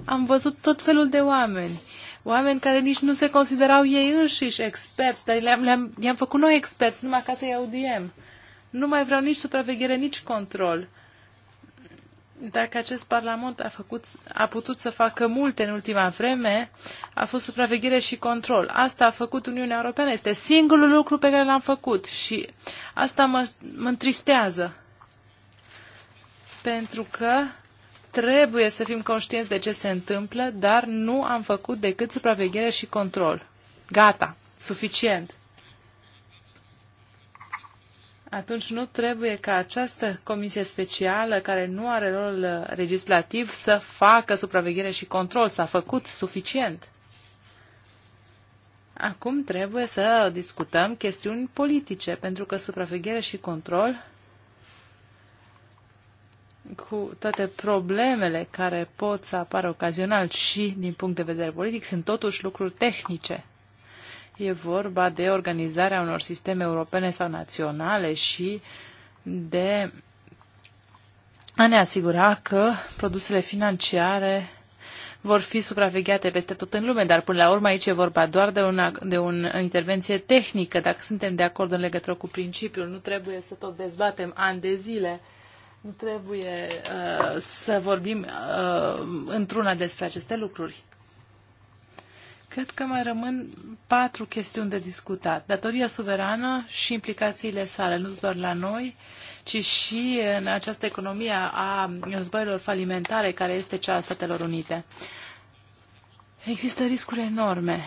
Am văzut tot felul de oameni. Oameni care nici nu se considerau ei înșiși experți, dar le-am, le-am, i-am făcut noi experți numai ca să-i audiem. Nu mai vreau nici supraveghere, nici control dacă acest Parlament a, făcut, a putut să facă multe în ultima vreme, a fost supraveghere și control. Asta a făcut Uniunea Europeană. Este singurul lucru pe care l-am făcut și asta mă, mă întristează. Pentru că trebuie să fim conștienți de ce se întâmplă, dar nu am făcut decât supraveghere și control. Gata, suficient atunci nu trebuie ca această comisie specială, care nu are rol legislativ, să facă supraveghere și control. S-a făcut suficient. Acum trebuie să discutăm chestiuni politice, pentru că supraveghere și control, cu toate problemele care pot să apară ocazional și din punct de vedere politic, sunt totuși lucruri tehnice. E vorba de organizarea unor sisteme europene sau naționale și de a ne asigura că produsele financiare vor fi supravegheate peste tot în lume, dar până la urmă aici e vorba doar de, una, de un, o intervenție tehnică, dacă suntem de acord în legătură cu principiul. Nu trebuie să tot dezbatem ani de zile, nu trebuie uh, să vorbim uh, într-una despre aceste lucruri. Cred că mai rămân patru chestiuni de discutat. Datoria suverană și implicațiile sale, nu doar la noi, ci și în această economie a războiilor falimentare, care este cea a Statelor Unite. Există riscuri enorme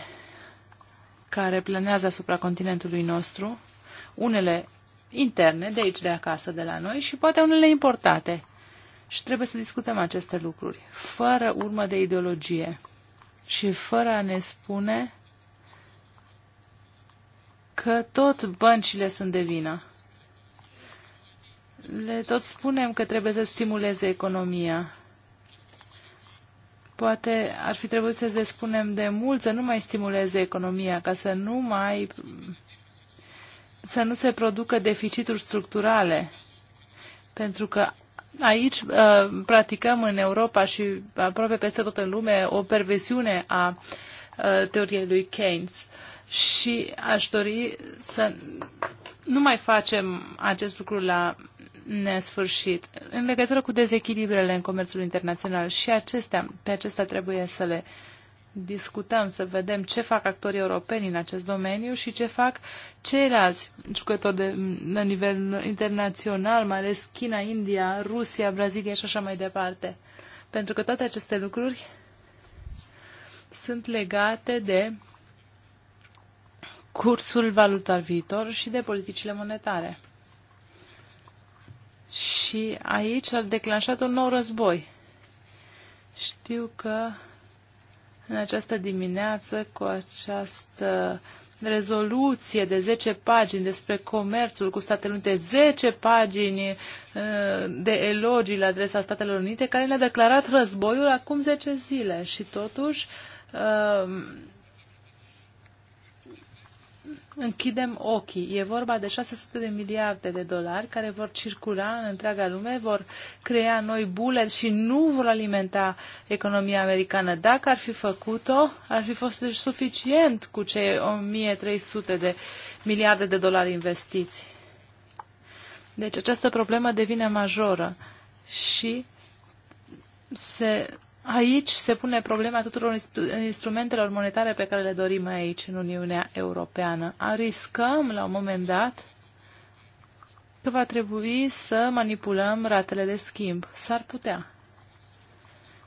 care planează asupra continentului nostru, unele interne, de aici, de acasă, de la noi, și poate unele importate. Și trebuie să discutăm aceste lucruri, fără urmă de ideologie și fără a ne spune că tot băncile sunt de vină. Le tot spunem că trebuie să stimuleze economia. Poate ar fi trebuit să le spunem de mult să nu mai stimuleze economia, ca să nu mai să nu se producă deficituri structurale, pentru că Aici uh, practicăm în Europa și aproape peste tot în lume o perversiune a uh, teoriei lui Keynes și aș dori să nu mai facem acest lucru la nesfârșit. În legătură cu dezechilibrele în comerțul internațional și acestea, pe acestea trebuie să le uh, discutăm, să vedem ce fac actorii europeni în acest domeniu și ce fac ceilalți jucători de, la nivel internațional, mai ales China, India, Rusia, Brazilia și așa mai departe. Pentru că toate aceste lucruri sunt legate de cursul valutar viitor și de politicile monetare. Și aici a declanșat un nou război. Știu că în această dimineață cu această rezoluție de 10 pagini despre comerțul cu Statele Unite, 10 pagini uh, de elogii la adresa Statelor Unite, care le-a declarat războiul acum 10 zile și totuși uh, închidem ochii. E vorba de 600 de miliarde de dolari care vor circula în întreaga lume, vor crea noi bule și nu vor alimenta economia americană. Dacă ar fi făcut-o, ar fi fost deci suficient cu cei 1300 de miliarde de dolari investiți. Deci această problemă devine majoră și se Aici se pune problema tuturor instrumentelor monetare pe care le dorim aici, în Uniunea Europeană. Riscăm, la un moment dat, că va trebui să manipulăm ratele de schimb. S-ar putea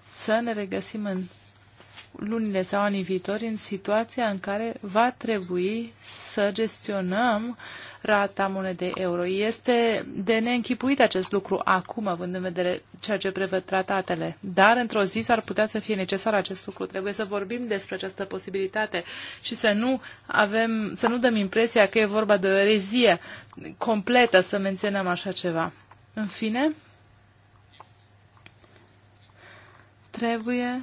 să ne regăsim în lunile sau anii viitori în situația în care va trebui să gestionăm rata monedei euro. Este de neînchipuit acest lucru acum, având în vedere ceea ce prevăd tratatele. Dar într-o zi s-ar putea să fie necesar acest lucru. Trebuie să vorbim despre această posibilitate și să nu, avem, să nu dăm impresia că e vorba de o erezie completă să menționăm așa ceva. În fine, trebuie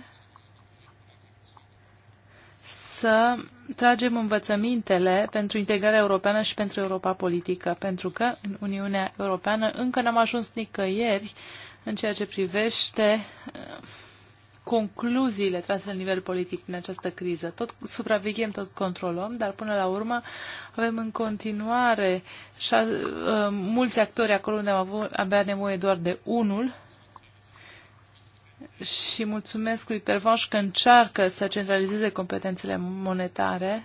să tragem învățămintele pentru integrarea europeană și pentru Europa politică, pentru că în Uniunea Europeană încă n-am ajuns nicăieri în ceea ce privește uh, concluziile trase la nivel politic din această criză. Tot supraveghem, tot controlăm, dar până la urmă avem în continuare șa, uh, mulți actori acolo unde am avut abia nevoie doar de unul și mulțumesc lui Pervanș că încearcă să centralizeze competențele monetare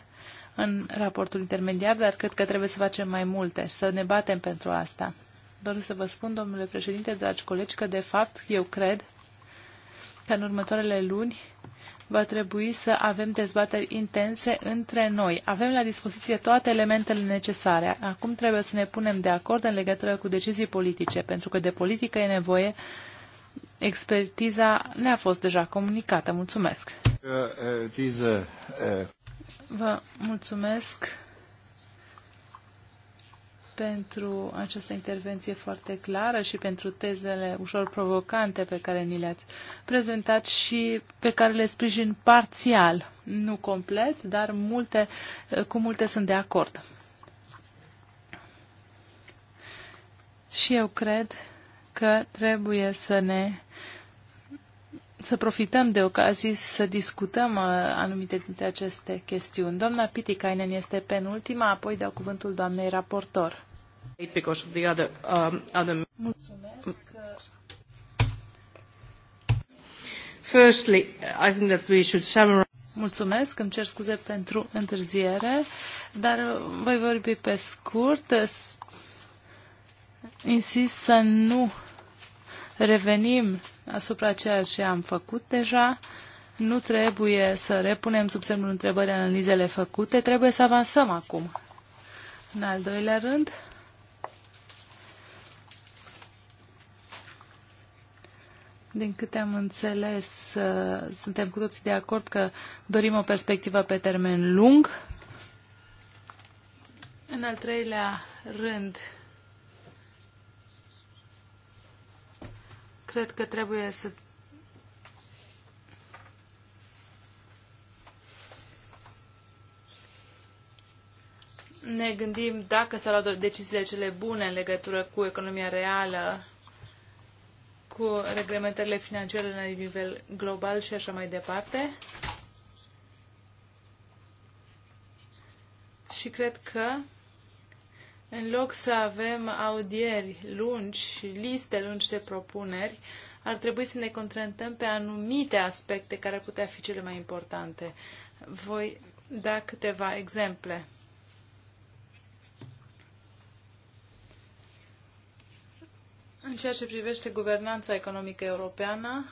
în raportul intermediar, dar cred că trebuie să facem mai multe și să ne batem pentru asta. Doresc să vă spun, domnule președinte, dragi colegi, că de fapt eu cred că în următoarele luni va trebui să avem dezbateri intense între noi. Avem la dispoziție toate elementele necesare. Acum trebuie să ne punem de acord în legătură cu decizii politice, pentru că de politică e nevoie Expertiza ne-a fost deja comunicată. Mulțumesc! Vă mulțumesc pentru această intervenție foarte clară și pentru tezele ușor provocante pe care ni le-ați prezentat și pe care le sprijin parțial, nu complet, dar multe, cu multe sunt de acord. Și eu cred că trebuie să ne să profităm de ocazii să discutăm uh, anumite dintre aceste chestiuni. Doamna Pitikainen este penultima, apoi dau cuvântul doamnei raportor. Um, Mulțumesc. Firstly, I think that we should summarize. Mulțumesc, îmi cer scuze pentru întârziere, dar voi vorbi pe scurt. Insist să nu revenim asupra ceea ce am făcut deja, nu trebuie să repunem sub semnul întrebării analizele făcute, trebuie să avansăm acum. În al doilea rând, Din câte am înțeles, uh, suntem cu toții de acord că dorim o perspectivă pe termen lung. În al treilea rând, Cred că trebuie să ne gândim dacă s-au luat deciziile cele bune în legătură cu economia reală, cu reglementările financiare la nivel global și așa mai departe. Și cred că în loc să avem audieri lungi și liste lungi de propuneri, ar trebui să ne concentrăm pe anumite aspecte care ar putea fi cele mai importante. Voi da câteva exemple. În ceea ce privește guvernanța economică europeană,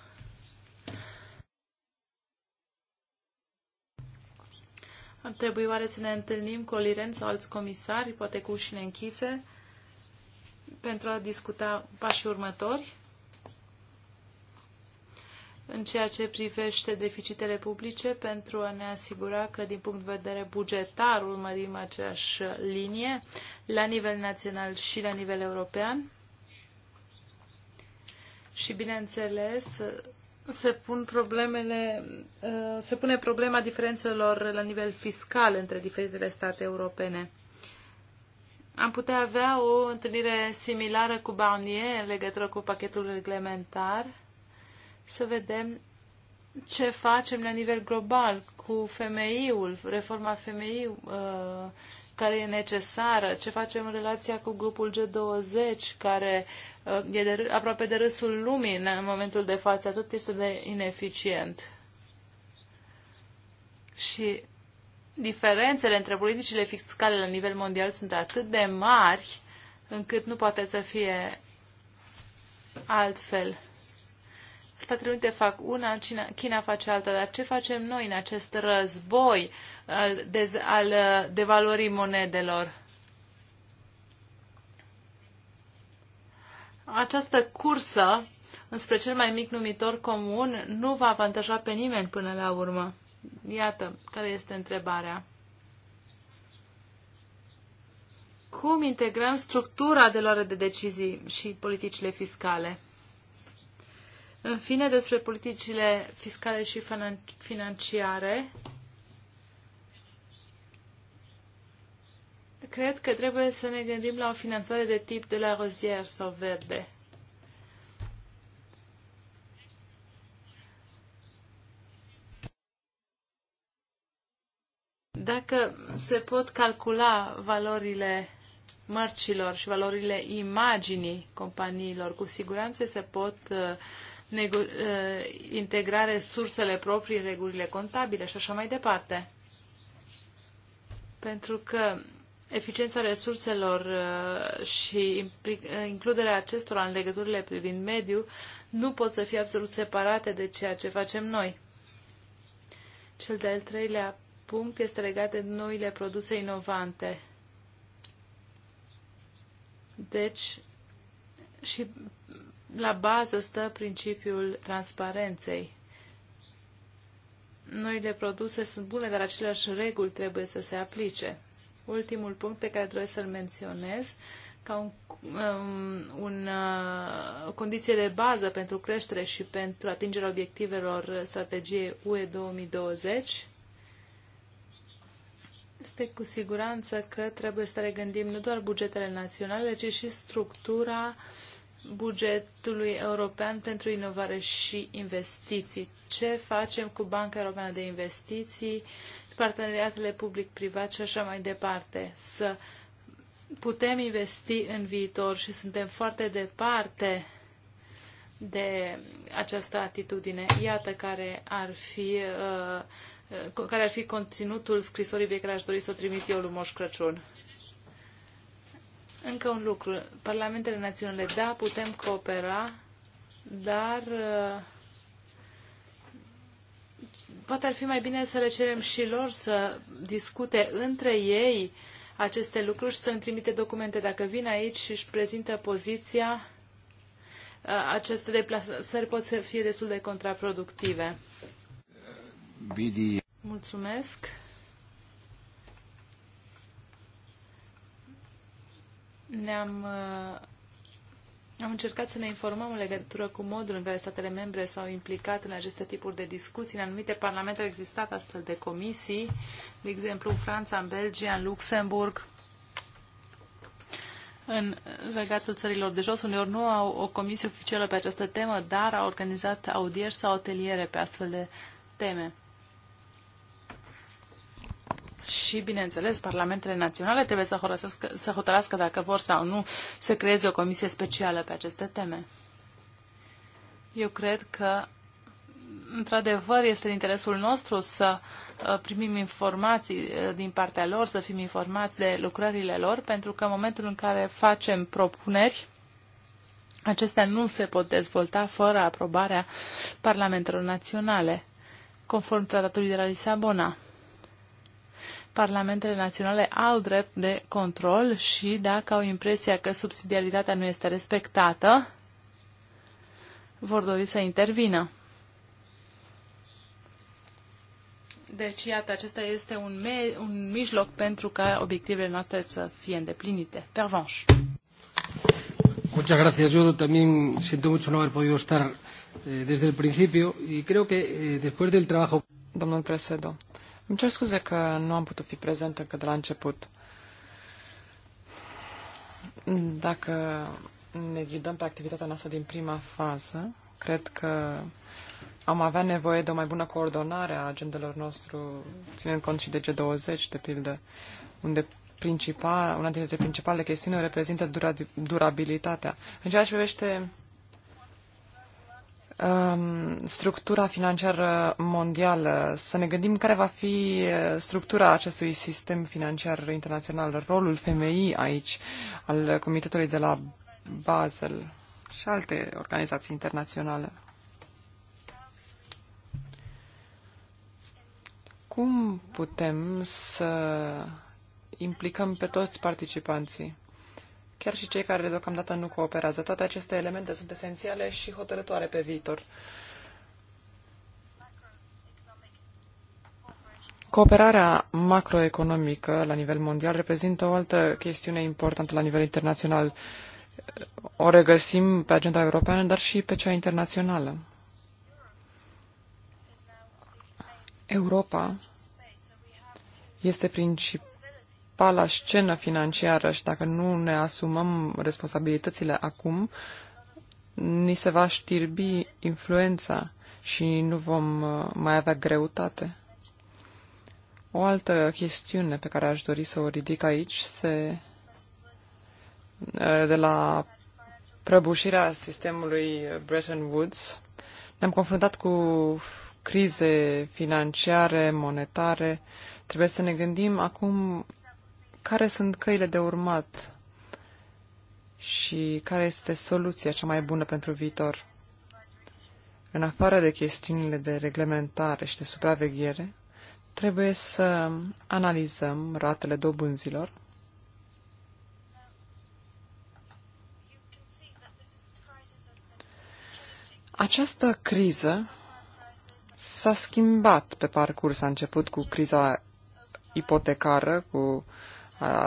Ar trebui oare să ne întâlnim cu Oliren sau alți comisari, poate cu ușile închise, pentru a discuta pașii următori? în ceea ce privește deficitele publice pentru a ne asigura că, din punct de vedere bugetar, urmărim aceeași linie la nivel național și la nivel european. Și, bineînțeles, se pun problemele, uh, se pune problema diferențelor la nivel fiscal între diferitele state europene. Am putea avea o întâlnire similară cu Barnier în legătură cu pachetul reglementar, să vedem ce facem la nivel global cu femeiul, reforma femeiului, uh, care e necesară, ce facem în relația cu grupul G20, care uh, e de, aproape de râsul lumii în momentul de față, Tot este de ineficient. Și diferențele între politicile fiscale la nivel mondial sunt atât de mari încât nu poate să fie altfel. Statele Unite fac una, China, China face alta, dar ce facem noi în acest război al, uh, dez, al uh, devalorii monedelor? Această cursă înspre cel mai mic numitor comun nu va avantaja pe nimeni până la urmă. Iată, care este întrebarea. Cum integrăm structura de luare de decizii și politicile fiscale? În fine, despre politicile fiscale și financiare, cred că trebuie să ne gândim la o finanțare de tip de la rozier sau verde. Dacă se pot calcula valorile mărcilor și valorile imaginii companiilor, cu siguranță se pot uh, Eh, integrare sursele proprii, regulile contabile și așa mai departe. Pentru că eficiența resurselor eh, și eh, includerea acestora în legăturile privind mediu nu pot să fie absolut separate de ceea ce facem noi. Cel de-al treilea punct este legat de noile produse inovante. Deci, și la bază stă principiul transparenței. Noile produse sunt bune, dar aceleași reguli trebuie să se aplice. Ultimul punct pe care trebuie să-l menționez ca un, um, un, uh, o condiție de bază pentru creștere și pentru atingerea obiectivelor strategiei UE 2020 este cu siguranță că trebuie să regândim nu doar bugetele naționale, ci și structura uh, bugetului european pentru inovare și investiții. Ce facem cu Banca Europeană de Investiții, parteneriatele public-privat și așa mai departe. Să putem investi în viitor și suntem foarte departe de această atitudine. Iată care ar fi, uh, uh care ar fi conținutul scrisorii pe care aș dori să o trimit eu lui Moș Crăciun. Încă un lucru. Parlamentele naționale, da, putem coopera, dar uh, poate ar fi mai bine să le cerem și lor să discute între ei aceste lucruri și să îmi trimite documente. Dacă vin aici și își prezintă poziția, uh, aceste deplasări pot să fie destul de contraproductive. Mulțumesc. ne-am uh, am încercat să ne informăm în legătură cu modul în care statele membre s-au implicat în aceste tipuri de discuții. În anumite parlamente au existat astfel de comisii, de exemplu în Franța, în Belgia, în Luxemburg, în regatul țărilor de jos. Uneori nu au o comisie oficială pe această temă, dar au organizat audieri sau ateliere pe astfel de teme și, bineînțeles, parlamentele naționale trebuie să să hotărască dacă vor sau nu să creeze o comisie specială pe aceste teme. Eu cred că, într-adevăr, este în interesul nostru să uh, primim informații uh, din partea lor, să fim informați de lucrările lor, pentru că în momentul în care facem propuneri, acestea nu se pot dezvolta fără aprobarea parlamentelor naționale, conform tratatului de la Lisabona parlamentele naționale au drept de control și dacă au impresia că subsidiaritatea nu este respectată, vor dori să intervină. Deci, iată, acesta este un, me- un mijloc pentru ca obiectivele noastre să fie îndeplinite. Pervanș. Muchas gracias. Yo también siento mucho no haber podido estar eh, desde el principio y creo que eh, después del trabajo. Domnul Presedo, îmi cer scuze că nu am putut fi prezent încă de la început. Dacă ne ghidăm pe activitatea noastră din prima fază, cred că am avea nevoie de o mai bună coordonare a agendelor nostru, ținând cont și de G20, de pildă, unde principal, una dintre principalele chestiuni reprezintă durabilitatea. În ceea ce privește Um, structura financiară mondială, să ne gândim care va fi uh, structura acestui sistem financiar internațional, rolul femeii aici, al Comitetului de la Basel și alte organizații internaționale. Cum putem să implicăm pe toți participanții? chiar și cei care deocamdată nu cooperează. Toate aceste elemente sunt esențiale și hotărătoare pe viitor. Cooperarea macroeconomică la nivel mondial reprezintă o altă chestiune importantă la nivel internațional. O regăsim pe agenda europeană, dar și pe cea internațională. Europa este principal principala scenă financiară și dacă nu ne asumăm responsabilitățile acum, ni se va știrbi influența și nu vom uh, mai avea greutate. O altă chestiune pe care aș dori să o ridic aici se uh, de la prăbușirea sistemului Bretton Woods, ne-am confruntat cu crize financiare, monetare. Trebuie să ne gândim acum care sunt căile de urmat și care este soluția cea mai bună pentru viitor. În afară de chestiunile de reglementare și de supraveghere, trebuie să analizăm ratele dobânzilor, Această criză s-a schimbat pe parcurs. A început cu criza ipotecară, cu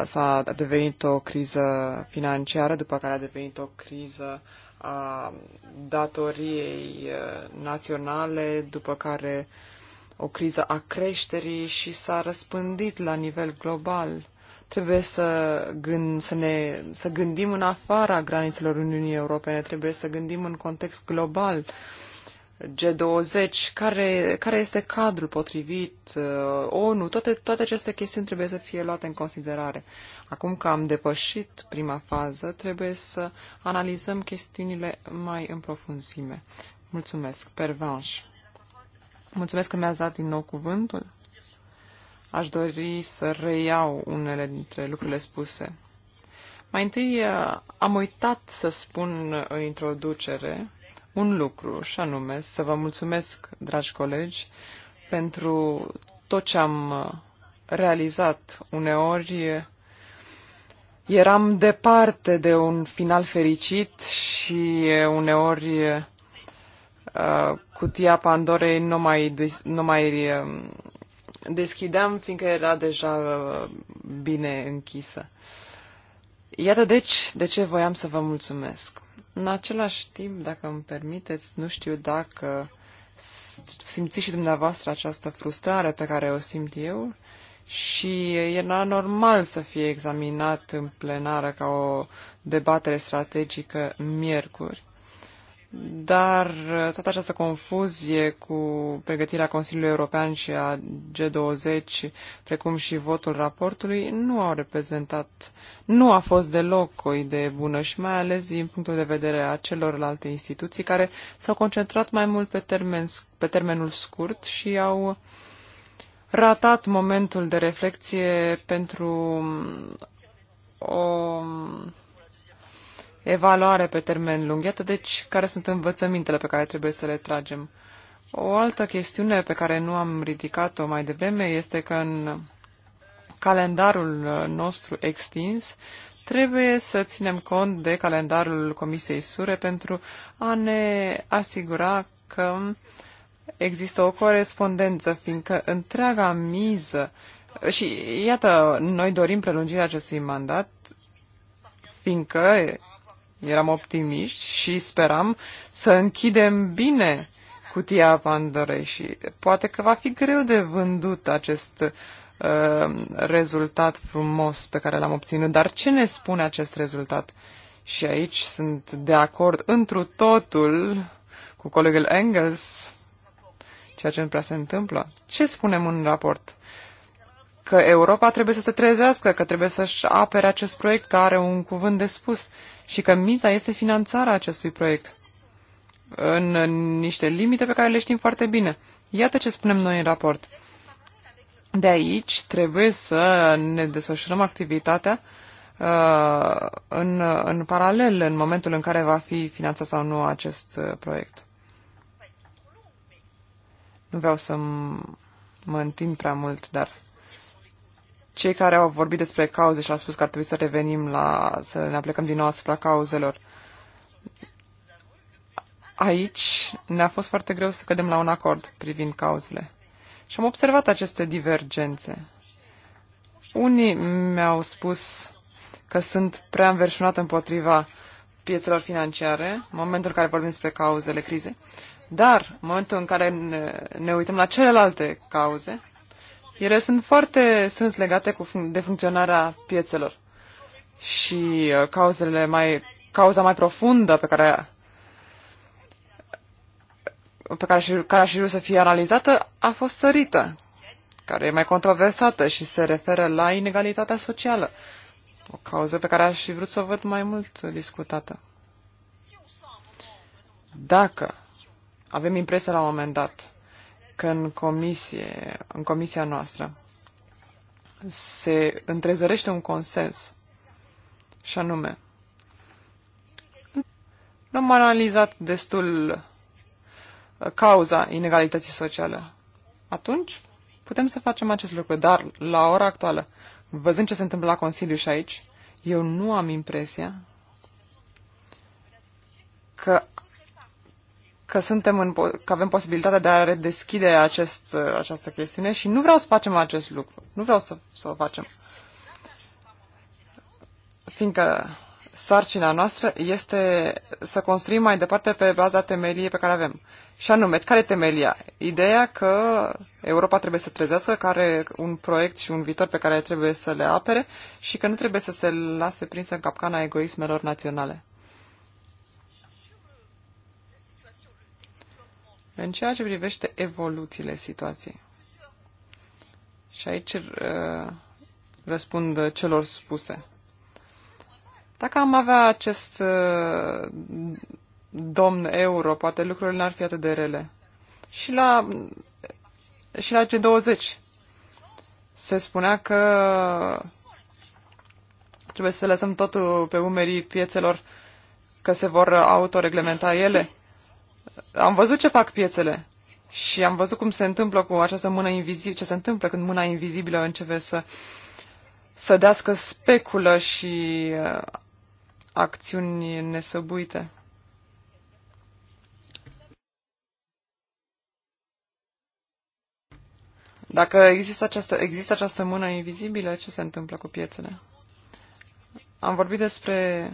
s-a devenit o criză financiară, după care a devenit o criză a datoriei naționale, după care o criză a creșterii și s-a răspândit la nivel global. Trebuie să, gând, să, ne, să gândim în afara granițelor Uniunii Europene, trebuie să gândim în context global. Uh, G20, care, care este cadrul potrivit, uh, ONU, toate, toate aceste chestiuni trebuie să fie luate în considerare. Acum că am depășit prima fază, trebuie să analizăm chestiunile mai în profunzime. Mulțumesc, pervanș. Mulțumesc că mi-ați dat din nou cuvântul. Aș dori să reiau unele dintre lucrurile spuse. Mai întâi uh, am uitat să spun în introducere un lucru, și anume să vă mulțumesc, dragi colegi, pentru tot ce am uh, realizat. Uneori uh, eram departe de un final fericit și uh, uneori cutia Pandorei nu mai, nu mai um, deschideam, fiindcă era deja bine închisă. Iată deci de ce voiam să vă mulțumesc. În același timp, dacă îmi permiteți, nu știu dacă simți și dumneavoastră această frustrare pe care o simt eu și era normal să fie examinat în plenară ca o debatere strategică miercuri. Dar uh, toată această confuzie cu pregătirea Consiliului European și a G20, precum și votul raportului, nu au reprezentat, nu a fost deloc o idee bună și mai ales din punctul de vedere a celorlalte instituții care s-au concentrat mai mult pe, termen, pe termenul scurt și au ratat momentul de reflexie pentru o evaluare pe termen lung. Iată deci care sunt învățămintele pe care trebuie să le tragem. O altă chestiune pe care nu am ridicat-o mai devreme este că în calendarul uh, nostru extins trebuie să ținem cont de calendarul Comisiei Sure pentru a ne asigura că există o corespondență, fiindcă întreaga miză și iată, noi dorim prelungirea acestui mandat, fiindcă eram optimiști și speram să închidem bine cutia Pandorei și poate că va fi greu de vândut acest uh, rezultat frumos pe care l-am obținut. Dar ce ne spune acest rezultat? Și aici sunt de acord întru totul cu colegul Engels, ceea ce nu prea se întâmplă. Ce spunem în raport? că Europa trebuie să se trezească, că trebuie să-și apere acest proiect, care are un cuvânt de spus și că miza este finanțarea acestui proiect în niște limite pe care le știm foarte bine. Iată ce spunem noi în raport. De aici trebuie să ne desfășurăm activitatea uh, în, în paralel în momentul în care va fi finanțat sau nu acest uh, proiect. Nu vreau să mă întind prea mult, dar cei care au vorbit despre cauze și au spus că ar trebui să revenim la, să ne aplicăm din nou asupra cauzelor. Aici ne-a fost foarte greu să cădem la un acord privind cauzele. Și am observat aceste divergențe. Unii mi-au spus că sunt prea înverșunat împotriva piețelor financiare, în momentul în care vorbim despre cauzele crizei, dar în momentul în care ne, ne uităm la celelalte cauze, ele sunt foarte strâns legate cu func- de funcționarea piețelor. Și uh, cauzele mai, cauza mai profundă pe care pe care, și, care aș vrea să fie analizată a fost sărită, care e mai controversată și se referă la inegalitatea socială, o cauză pe care aș fi vrut să o văd mai mult discutată. Dacă avem impresia la un moment dat că în, comisie, în comisia noastră se întrezărește un consens și anume nu am analizat destul uh, cauza inegalității sociale. Atunci putem să facem acest lucru, dar la ora actuală, văzând ce se întâmplă la Consiliu și aici, eu nu am impresia că că, suntem în, că avem posibilitatea de a redeschide acest, această chestiune și nu vreau să facem acest lucru. Nu vreau să, să o facem. Fiindcă sarcina noastră este să construim mai departe pe baza temeliei pe care avem. Și anume, care e temelia? Ideea că Europa trebuie să trezească, că are un proiect și un viitor pe care trebuie să le apere și că nu trebuie să se lase prinsă în capcana egoismelor naționale. În ceea ce privește evoluțiile situației. Și aici uh, răspund celor spuse. Dacă am avea acest uh, domn euro, poate lucrurile n-ar fi atât de rele. Și la, și la G20 se spunea că trebuie să lăsăm totul pe umerii piețelor, că se vor autoreglementa ele am văzut ce fac piețele și am văzut cum se întâmplă cu această mână invizibilă, ce se întâmplă când mâna invizibilă începe să să dească speculă și uh, acțiuni nesăbuite. Dacă există această, există această mână invizibilă, ce se întâmplă cu piețele? Am vorbit despre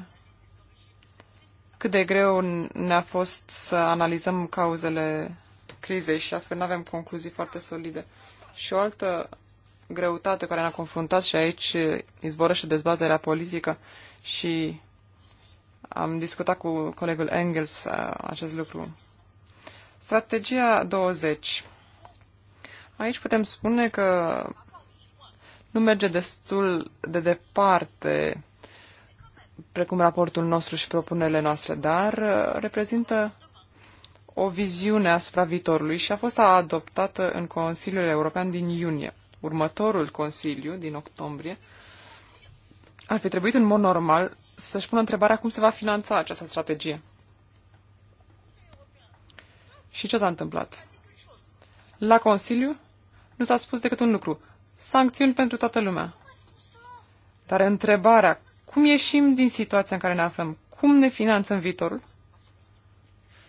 cât de greu ne-a fost să analizăm cauzele crizei și astfel nu avem concluzii foarte solide. Și o altă greutate care ne-a confruntat și aici izvorăște dezbaterea politică și am discutat cu colegul Engels uh, acest lucru. Strategia 20. Aici putem spune că nu merge destul de departe precum raportul nostru și propunerile noastre, dar uh, reprezintă o viziune asupra viitorului și a fost adoptată în Consiliul European din iunie. Următorul Consiliu, din octombrie, ar fi trebuit în mod normal să-și pună întrebarea cum se va finanța această strategie. Și ce s-a întâmplat? La Consiliu nu s-a spus decât un lucru. Sancțiuni pentru toată lumea. Dar întrebarea cum ieșim din situația în care ne aflăm? Cum ne finanțăm viitorul?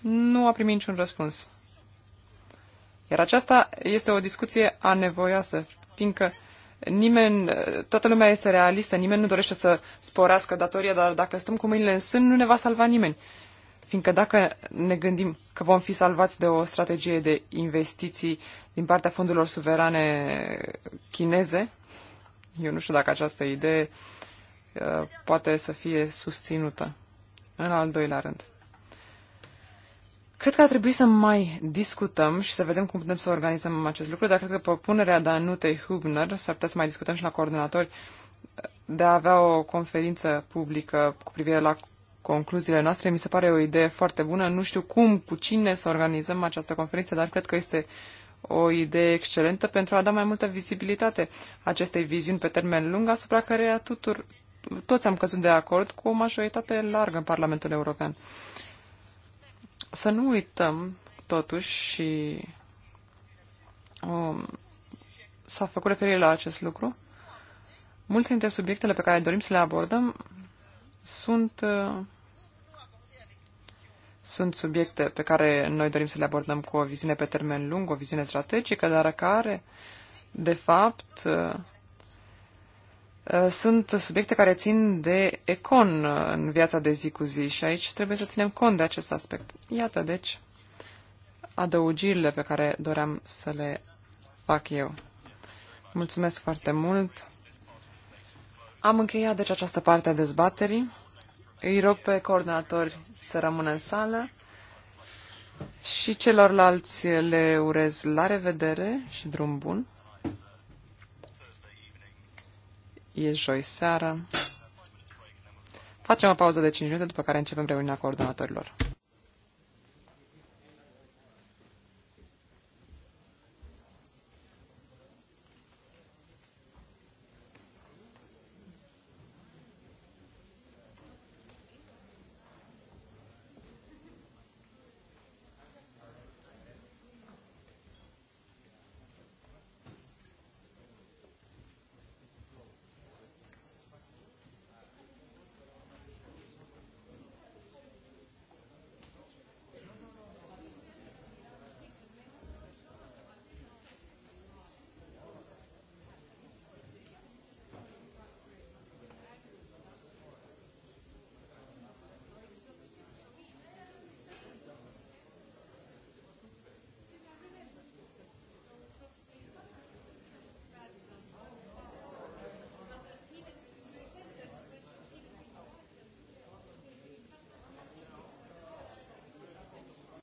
Nu a primit niciun răspuns. Iar aceasta este o discuție anevoioasă, fiindcă nimeni, toată lumea este realistă, nimeni nu dorește să sporească datoria, dar dacă stăm cu mâinile în sân, nu ne va salva nimeni. Fiindcă dacă ne gândim că vom fi salvați de o strategie de investiții din partea fondurilor suverane chineze, eu nu știu dacă această idee Uh, poate să fie susținută. În al doilea rând. Cred că ar trebui să mai discutăm și să vedem cum putem să organizăm acest lucru, dar cred că propunerea Danutei Hubner, s-ar putea să mai discutăm și la coordonatori, uh, de a avea o conferință publică cu privire la concluziile noastre, mi se pare o idee foarte bună. Nu știu cum, cu cine să organizăm această conferință, dar cred că este o idee excelentă pentru a da mai multă vizibilitate acestei viziuni pe termen lung asupra căreia tutur, toți am căzut de acord cu o majoritate largă în Parlamentul European. Să nu uităm, totuși, și um, s-a făcut referire la acest lucru, multe dintre subiectele pe care dorim să le abordăm sunt, uh, sunt subiecte pe care noi dorim să le abordăm cu o viziune pe termen lung, o viziune strategică, dar care, de fapt, uh, Uh, sunt subiecte care țin de econ uh, în viața de zi cu zi și aici trebuie să ținem cont de acest aspect. Iată, deci, adăugirile pe care doream să le fac eu. Mulțumesc foarte mult. Am încheiat, deci, această parte a dezbaterii. Îi rog pe coordonatori să rămână în sală și celorlalți le urez la revedere și drum bun. e joi seara. Facem o pauză de 5 minute, după care începem reuniunea coordonatorilor.